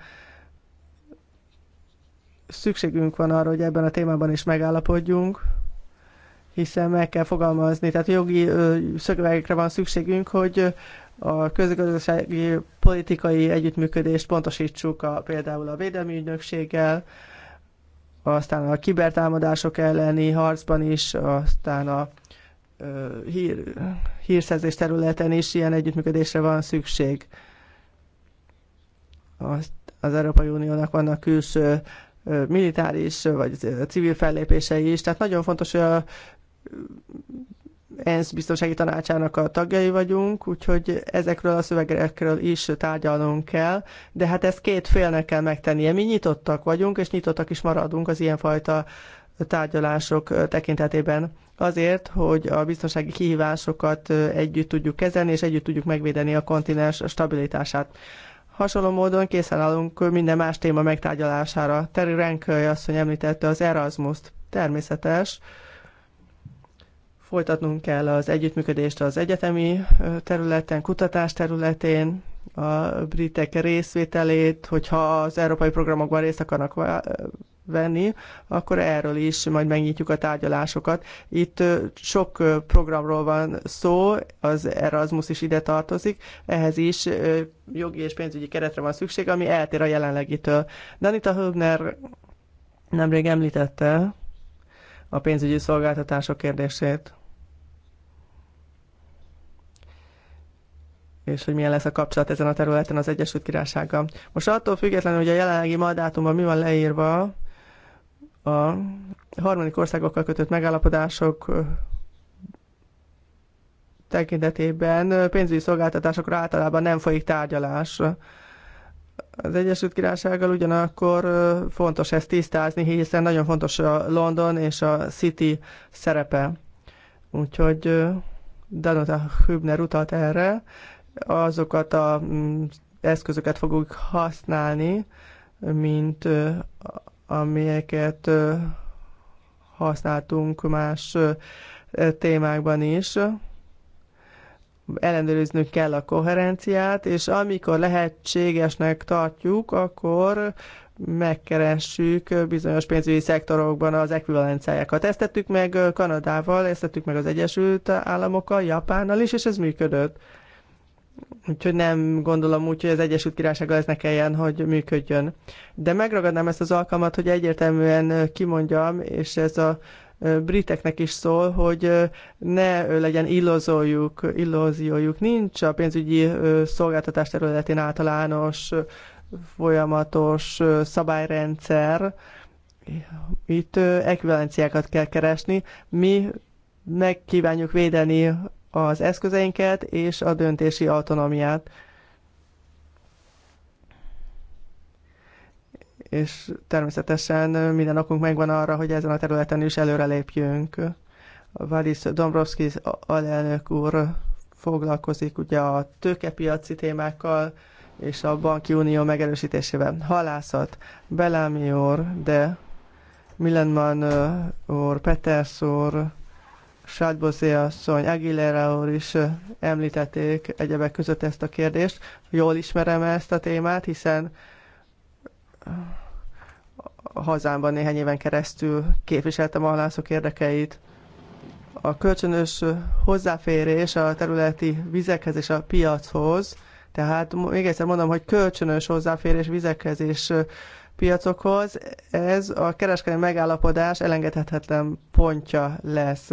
Szükségünk van arra, hogy ebben a témában is megállapodjunk, hiszen meg kell fogalmazni, tehát jogi szögvegekre van szükségünk, hogy a közgazdasági politikai együttműködést pontosítsuk a, például a védelmi ügynökséggel, aztán a kibertámadások elleni harcban is, aztán a hír, hírszerzés területen is ilyen együttműködésre van szükség. Azt az Európai Uniónak vannak külső militáris vagy civil fellépései is, tehát nagyon fontos, hogy a ENSZ biztonsági tanácsának a tagjai vagyunk, úgyhogy ezekről a szövegekről is tárgyalnunk kell, de hát ezt két félnek kell megtennie. Mi nyitottak vagyunk, és nyitottak is maradunk az ilyenfajta tárgyalások tekintetében azért, hogy a biztonsági kihívásokat együtt tudjuk kezelni, és együtt tudjuk megvédeni a kontinens stabilitását. Hasonló módon készen állunk minden más téma megtárgyalására. Terry Renköly asszony említette az Erasmus-t. Természetes, Folytatnunk kell az együttműködést az egyetemi területen, kutatás területén, a britek részvételét, hogyha az európai programokban részt akarnak venni, akkor erről is majd megnyitjuk a tárgyalásokat. Itt sok programról van szó, az Erasmus is ide tartozik, ehhez is jogi és pénzügyi keretre van szükség, ami eltér a jelenlegitől. Danita Höbner nemrég említette a pénzügyi szolgáltatások kérdését. és hogy milyen lesz a kapcsolat ezen a területen az Egyesült Királysággal. Most attól függetlenül, hogy a jelenlegi mandátumban mi van leírva, a harmadik országokkal kötött megállapodások tekintetében pénzügyi szolgáltatásokra általában nem folyik tárgyalás. Az Egyesült Királysággal ugyanakkor fontos ezt tisztázni, hiszen nagyon fontos a London és a City szerepe. Úgyhogy Danuta Hübner utalt erre, azokat az mm, eszközöket fogjuk használni, mint amelyeket használtunk más témákban is. Ellenőriznünk kell a koherenciát, és amikor lehetségesnek tartjuk, akkor megkeressük bizonyos pénzügyi szektorokban az ekvivalenciákat. Ezt tettük meg Kanadával, ezt tettük meg az Egyesült Államokkal, Japánnal is, és ez működött. Úgyhogy nem gondolom úgy, hogy az Egyesült Királysággal ez ne kelljen, hogy működjön. De megragadnám ezt az alkalmat, hogy egyértelműen kimondjam, és ez a briteknek is szól, hogy ne legyen illozójuk, illóziójuk. Nincs a pénzügyi szolgáltatás területén általános folyamatos szabályrendszer. Itt ekvivalenciákat kell keresni. Mi meg kívánjuk védeni az eszközeinket és a döntési autonómiát. És természetesen minden okunk megvan arra, hogy ezen a területen is előrelépjünk. Valis Dombrovskis alelnök úr foglalkozik ugye a tőkepiaci témákkal és a banki unió megerősítésével. Halászat, Belámi úr, de Millenman úr, Peters úr, Sádbozé asszony, Aguilera úr is említették egyebek között ezt a kérdést. Jól ismerem ezt a témát, hiszen a hazámban néhány éven keresztül képviseltem a halászok érdekeit. A kölcsönös hozzáférés a területi vizekhez és a piachoz, tehát még egyszer mondom, hogy kölcsönös hozzáférés vizekhez és piacokhoz, ez a kereskedelmi megállapodás elengedhetetlen pontja lesz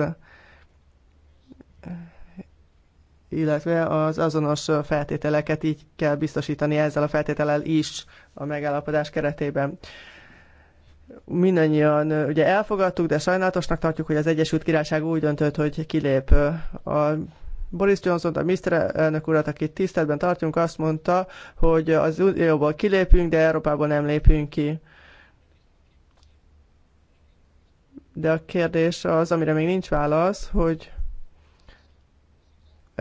illetve az azonos feltételeket így kell biztosítani ezzel a feltétellel is a megállapodás keretében. Mindannyian ugye elfogadtuk, de sajnálatosnak tartjuk, hogy az Egyesült Királyság úgy döntött, hogy kilép a Boris Johnson, a miniszterelnök urat, akit tiszteletben tartunk, azt mondta, hogy az Unióból kilépünk, de Európából nem lépünk ki. De a kérdés az, amire még nincs válasz, hogy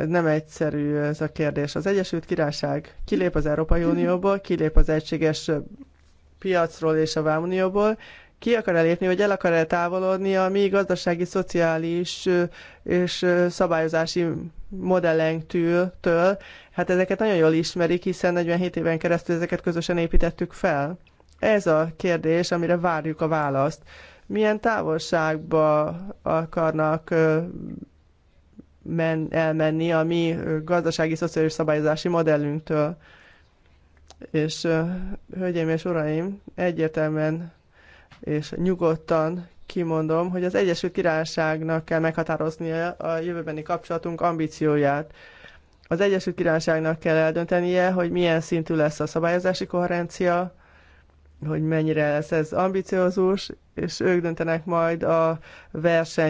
nem egyszerű ez a kérdés. Az Egyesült Királyság kilép az Európai Unióból, kilép az egységes piacról és a Vámunióból, ki akar elépni, vagy el akar -e távolodni a mi gazdasági, szociális és szabályozási modellenktől. Hát ezeket nagyon jól ismerik, hiszen 47 éven keresztül ezeket közösen építettük fel. Ez a kérdés, amire várjuk a választ. Milyen távolságba akarnak men, elmenni a mi gazdasági, szociális szabályozási modellünktől. És hölgyeim és uraim, egyértelműen és nyugodtan kimondom, hogy az Egyesült Királyságnak kell meghatároznia a jövőbeni kapcsolatunk ambícióját. Az Egyesült Királyságnak kell eldöntenie, hogy milyen szintű lesz a szabályozási koherencia, hogy mennyire lesz ez ambiciózus, és ők döntenek majd a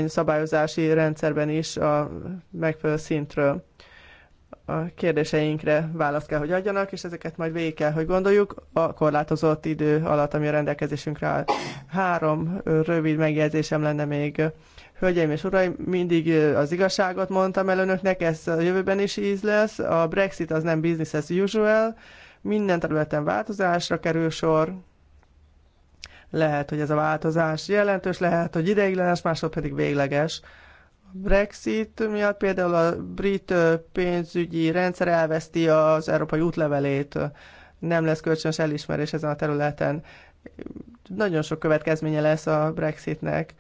szabályozási rendszerben is a megfelelő szintről. A kérdéseinkre választ kell, hogy adjanak, és ezeket majd végig kell, hogy gondoljuk a korlátozott idő alatt, ami a rendelkezésünkre áll. Három rövid megjegyzésem lenne még. Hölgyeim és uraim, mindig az igazságot mondtam el önöknek, ez a jövőben is íz lesz. A Brexit az nem business as usual, minden területen változásra kerül sor, lehet, hogy ez a változás jelentős, lehet, hogy ideiglenes, máshol pedig végleges. Brexit miatt például a brit pénzügyi rendszer elveszti az európai útlevelét, nem lesz kölcsönös elismerés ezen a területen. Nagyon sok következménye lesz a Brexitnek.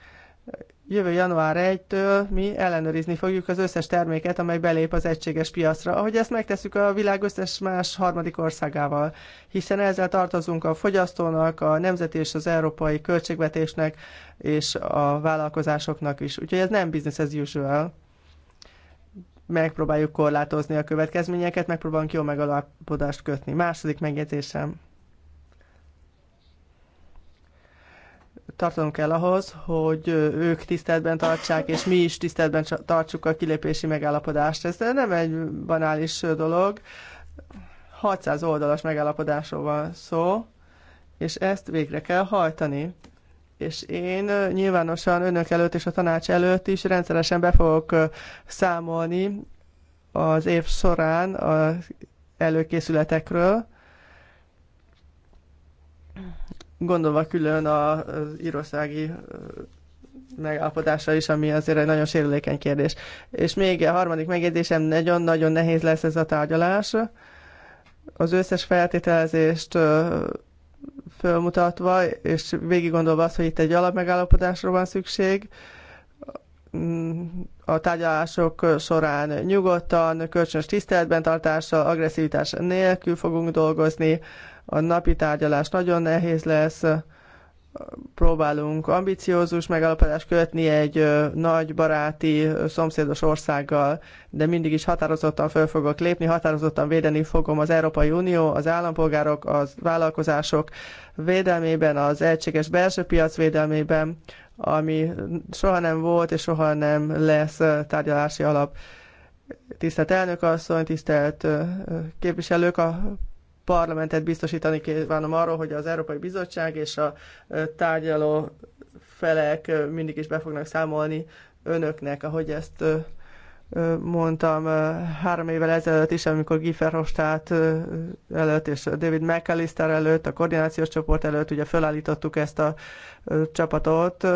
Jövő január 1-től mi ellenőrizni fogjuk az összes terméket, amely belép az egységes piacra, ahogy ezt megteszük a világ összes más harmadik országával, hiszen ezzel tartozunk a fogyasztónak, a nemzeti és az európai költségvetésnek és a vállalkozásoknak is. Úgyhogy ez nem business as usual. Megpróbáljuk korlátozni a következményeket, megpróbálunk jó megalapodást kötni. Második megjegyzésem tartanunk kell ahhoz, hogy ők tiszteletben tartsák, és mi is tiszteletben tartsuk a kilépési megállapodást. Ez nem egy banális dolog. 600 oldalas megállapodásról van szó, és ezt végre kell hajtani. És én nyilvánosan önök előtt és a tanács előtt is rendszeresen be fogok számolni az év során az előkészületekről, gondolva külön az írországi megállapodása is, ami azért egy nagyon sérülékeny kérdés. És még a harmadik megjegyzésem, nagyon-nagyon nehéz lesz ez a tárgyalás. Az összes feltételezést fölmutatva, és végig gondolva azt, hogy itt egy alapmegállapodásra van szükség, a tárgyalások során nyugodtan, kölcsönös tiszteletben tartással, agresszivitás nélkül fogunk dolgozni, a napi tárgyalás nagyon nehéz lesz, próbálunk ambiciózus megállapodást kötni egy nagy baráti szomszédos országgal, de mindig is határozottan föl fogok lépni, határozottan védeni fogom az Európai Unió, az állampolgárok, az vállalkozások védelmében, az egységes belső piac védelmében, ami soha nem volt és soha nem lesz tárgyalási alap. Tisztelt elnök asszony, tisztelt képviselők, a parlamentet biztosítani kívánom arról, hogy az Európai Bizottság és a tárgyaló felek mindig is be fognak számolni önöknek, ahogy ezt mondtam három évvel ezelőtt is, amikor Guy Verhofstadt előtt és David McAllister előtt, a koordinációs csoport előtt ugye felállítottuk ezt a csapatot,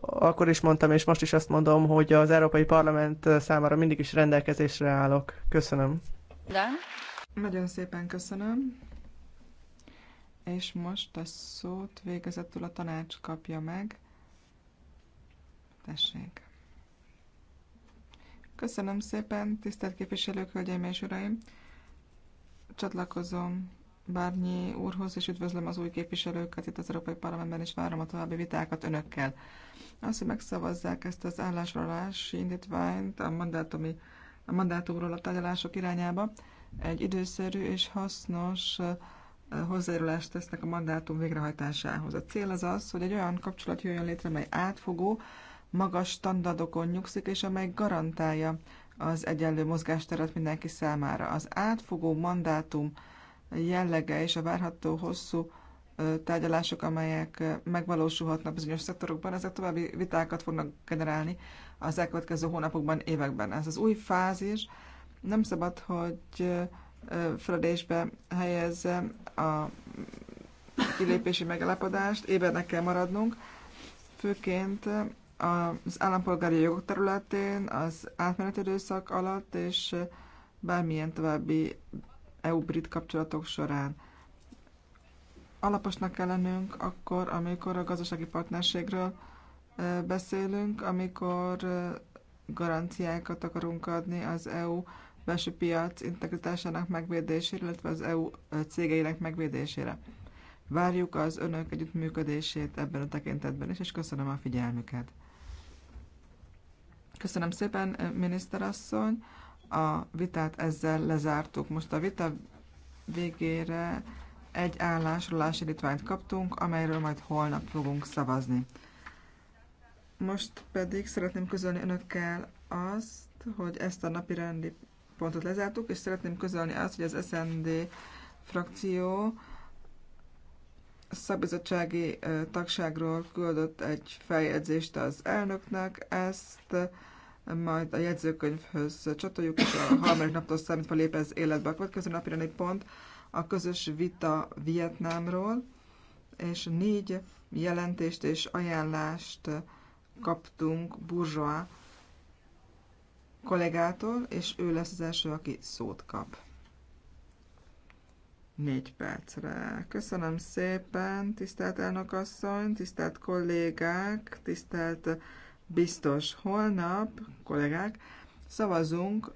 akkor is mondtam, és most is azt mondom, hogy az Európai Parlament számára mindig is rendelkezésre állok. Köszönöm. Dan nagyon szépen köszönöm. És most a szót végezetül a tanács kapja meg. Tessék. Köszönöm szépen, tisztelt képviselők, hölgyeim és uraim! Csatlakozom Bárnyi úrhoz, és üdvözlöm az új képviselőket itt az Európai Parlamentben, és várom a további vitákat önökkel. Azt hogy megszavazzák ezt az állásolási indítványt a, mandátumi, a mandátumról a tárgyalások irányába, egy időszerű és hasznos hozzájárulást tesznek a mandátum végrehajtásához. A cél az az, hogy egy olyan kapcsolat jöjjön létre, mely átfogó, magas standardokon nyugszik, és amely garantálja az egyenlő mozgásteret mindenki számára. Az átfogó mandátum jellege és a várható hosszú tárgyalások, amelyek megvalósulhatnak bizonyos szektorokban, ezek további vitákat fognak generálni az elkövetkező hónapokban, években. Ez az új fázis nem szabad, hogy feledésbe helyezze a kilépési megalapodást. ébernek kell maradnunk, főként az állampolgári jogok területén, az átmeneti időszak alatt és bármilyen további EU-brit kapcsolatok során. Alaposnak kell lennünk akkor, amikor a gazdasági partnerségről beszélünk, amikor garanciákat akarunk adni az EU belső piac integritásának megvédésére, illetve az EU cégeinek megvédésére. Várjuk az önök együttműködését ebben a tekintetben is, és köszönöm a figyelmüket. Köszönöm szépen, miniszterasszony. A vitát ezzel lezártuk. Most a vita végére egy állásolási ritványt kaptunk, amelyről majd holnap fogunk szavazni. Most pedig szeretném közölni önökkel azt, hogy ezt a napi rendi pontot lezártuk, és szeretném közölni azt, hogy az SND frakció szakbizottsági tagságról küldött egy feljegyzést az elnöknek, ezt majd a jegyzőkönyvhöz csatoljuk, és a harmadik naptól számítva lép ez életbe. A következő napira egy pont a közös vita Vietnámról, és négy jelentést és ajánlást kaptunk Burzsóa kollégától, és ő lesz az első, aki szót kap. Négy percre. Köszönöm szépen, tisztelt elnökasszony, tisztelt kollégák, tisztelt biztos holnap, kollégák, szavazunk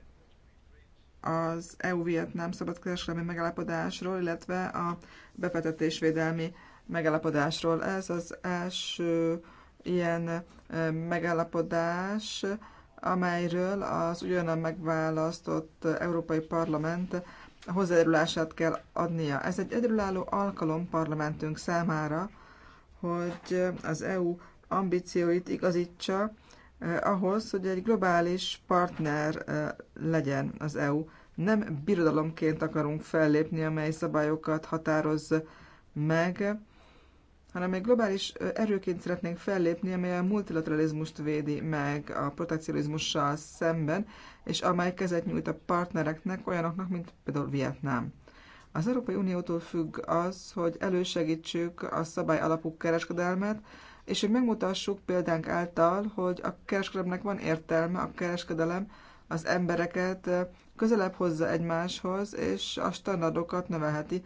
az EU-Vietnám szabadkereskedelmi megállapodásról, illetve a befektetésvédelmi megállapodásról. Ez az első ilyen megállapodás, amelyről az ugyanan megválasztott Európai Parlament hozzájárulását kell adnia. Ez egy egyedülálló alkalom parlamentünk számára, hogy az EU ambícióit igazítsa eh, ahhoz, hogy egy globális partner eh, legyen az EU. Nem birodalomként akarunk fellépni, amely szabályokat határoz meg, hanem egy globális erőként szeretnénk fellépni, amely a multilateralizmust védi meg a protekcionizmussal szemben, és amely kezet nyújt a partnereknek, olyanoknak, mint például Vietnám. Az Európai Uniótól függ az, hogy elősegítsük a szabály alapú kereskedelmet, és hogy megmutassuk példánk által, hogy a kereskedelemnek van értelme, a kereskedelem az embereket közelebb hozza egymáshoz, és a standardokat növelheti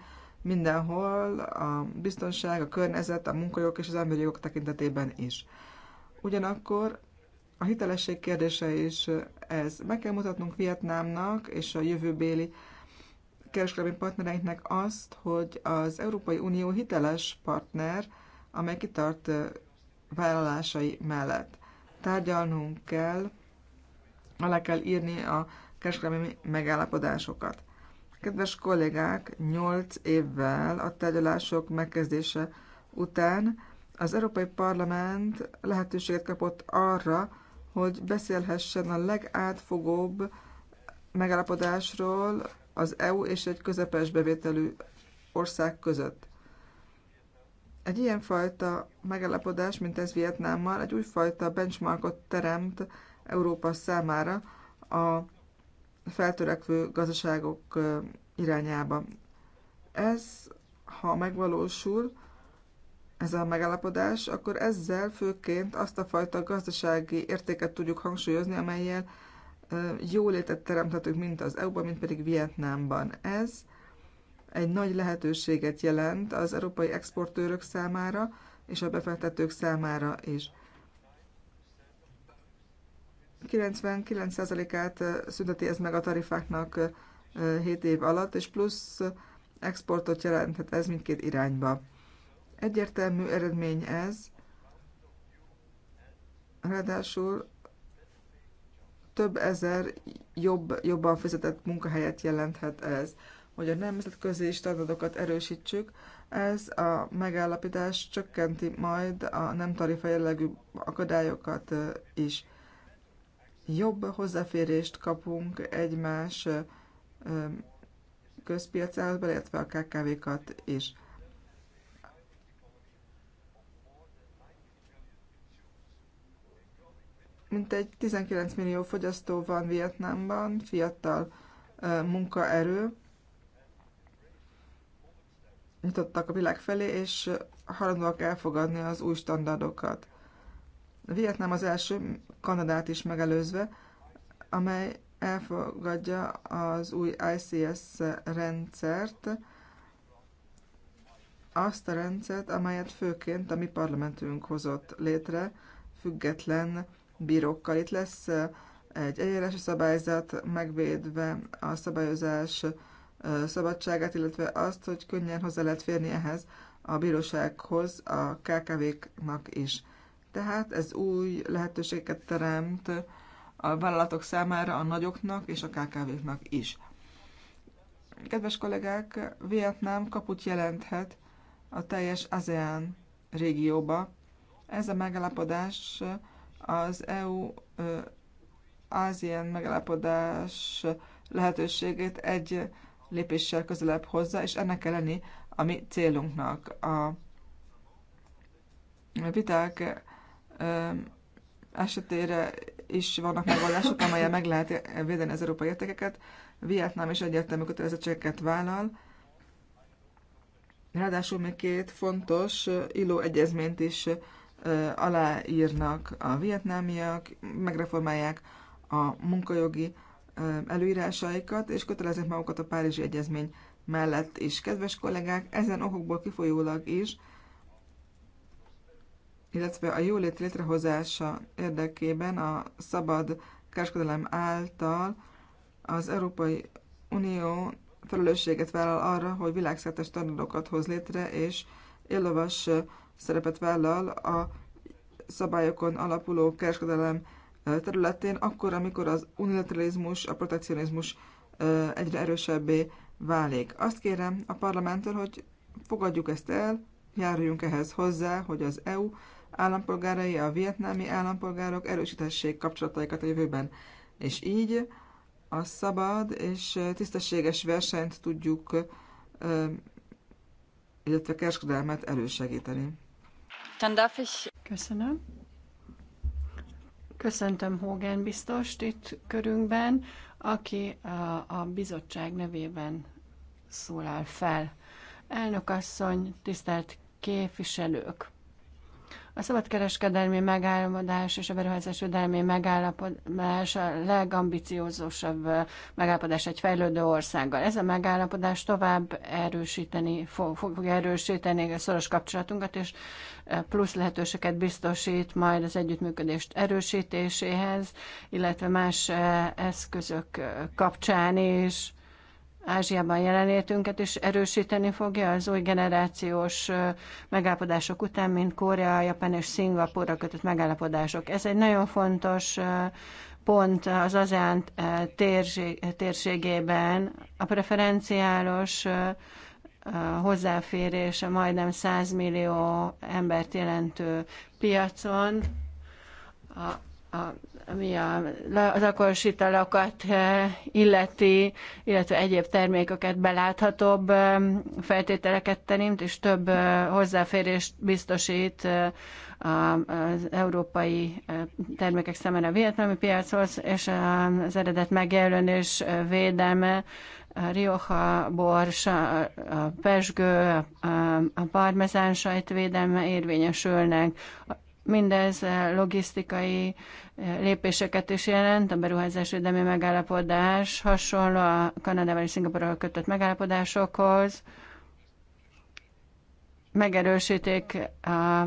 mindenhol, a biztonság, a környezet, a munkajogok és az emberi jogok tekintetében is. Ugyanakkor a hitelesség kérdése is ez. Meg kell mutatnunk Vietnámnak és a jövőbéli kereskedelmi partnereinknek azt, hogy az Európai Unió hiteles partner, amely kitart vállalásai mellett. Tárgyalnunk kell, alá kell írni a kereskedelmi megállapodásokat. Kedves kollégák, 8 évvel a tárgyalások megkezdése után az Európai Parlament lehetőséget kapott arra, hogy beszélhessen a legátfogóbb megállapodásról az EU és egy közepes bevételű ország között. Egy ilyen fajta megállapodás, mint ez Vietnámmal, egy újfajta benchmarkot teremt Európa számára a feltörekvő gazdaságok irányába. Ez, ha megvalósul, ez a megállapodás, akkor ezzel főként azt a fajta gazdasági értéket tudjuk hangsúlyozni, amelyel jólétet teremthetünk mint az EU-ban, mint pedig Vietnámban. Ez egy nagy lehetőséget jelent az európai exportőrök számára és a befektetők számára is. 99%-át szünteti ez meg a tarifáknak 7 év alatt, és plusz exportot jelenthet ez mindkét irányba. Egyértelmű eredmény ez, ráadásul több ezer jobb, jobban fizetett munkahelyet jelenthet ez. Hogy a nemzetközi standardokat erősítsük, ez a megállapítás csökkenti majd a nem tarifa jellegű akadályokat is jobb hozzáférést kapunk egymás közpiacához, illetve a KKV-kat is. Mintegy 19 millió fogyasztó van Vietnámban, fiatal munkaerő. Nyitottak a világ felé, és hajlandóak elfogadni az új standardokat. Vietnám az első, Kanadát is megelőzve, amely elfogadja az új ICS rendszert, azt a rendszert, amelyet főként a mi parlamentünk hozott létre, független bírókkal. Itt lesz egy eljárási szabályzat, megvédve a szabályozás szabadságát, illetve azt, hogy könnyen hozzá lehet férni ehhez a bírósághoz a KKV-knak is. Tehát ez új lehetőséget teremt a vállalatok számára, a nagyoknak és a KKV-knak is. Kedves kollégák, Vietnám kaput jelenthet a teljes ASEAN régióba. Ez a megállapodás az EU ASEAN megállapodás lehetőségét egy lépéssel közelebb hozza, és ennek kell lenni a mi célunknak. A viták esetére is vannak megoldások, amelyen meg lehet védeni az európai értékeket. Vietnám is egyértelmű kötelezettségeket vállal. Ráadásul még két fontos illó egyezményt is aláírnak a vietnámiak, megreformálják a munkajogi előírásaikat, és kötelezik magukat a Párizsi Egyezmény mellett is. Kedves kollégák, ezen okokból kifolyólag is illetve a jólét létrehozása érdekében a szabad kereskedelem által az Európai Unió felelősséget vállal arra, hogy világszerte standardokat hoz létre, és élovas szerepet vállal a szabályokon alapuló kereskedelem területén, akkor, amikor az unilateralizmus, a protekcionizmus egyre erősebbé válik. Azt kérem a parlamenttől, hogy fogadjuk ezt el, járuljunk ehhez hozzá, hogy az EU állampolgárai, a vietnámi állampolgárok erősíthessék kapcsolataikat a jövőben. És így a szabad és tisztességes versenyt tudjuk, illetve kereskedelmet elősegíteni. Köszönöm. Köszöntöm Hogan biztost itt körünkben, aki a, a bizottság nevében szólal fel. Elnök asszony, tisztelt képviselők! A szabadkereskedelmi megállapodás és a beruházásvédelmi megállapodás a legambiciózusabb megállapodás egy fejlődő országgal. Ez a megállapodás tovább erősíteni, fog, fog erősíteni a szoros kapcsolatunkat, és e, plusz lehetőséget biztosít majd az együttműködést erősítéséhez, illetve más e, eszközök e, kapcsán is Ázsiában jelenlétünket is erősíteni fogja az új generációs megállapodások után, mint Korea, Japán és Szingapúra kötött megállapodások. Ez egy nagyon fontos pont az ASEAN térségében a preferenciálos hozzáférés, a majdnem 100 millió embert jelentő piacon a ami a, az italokat eh, illeti, illetve egyéb termékeket beláthatóbb eh, feltételeket teremt, és több eh, hozzáférést biztosít az európai termékek szemére a vietnámi piachoz, és az eredet megjelölés védelme, a Rioja bors, a pesgő, a parmezán sajt védelme érvényesülnek. Mindez logisztikai eh, lépéseket is jelent, a beruházás üdemi megállapodás hasonló a Kanadával és Szingapurral kötött megállapodásokhoz. Megerősítik a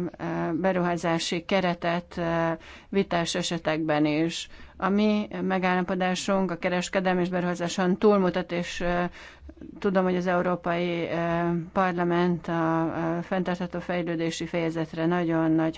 beruházási keretet eh, vitás esetekben is. A mi megállapodásunk a kereskedelmi és beruházáson túlmutat, és eh, tudom, hogy az Európai Parlament a fenntartható fejlődési fejezetre nagyon nagy hang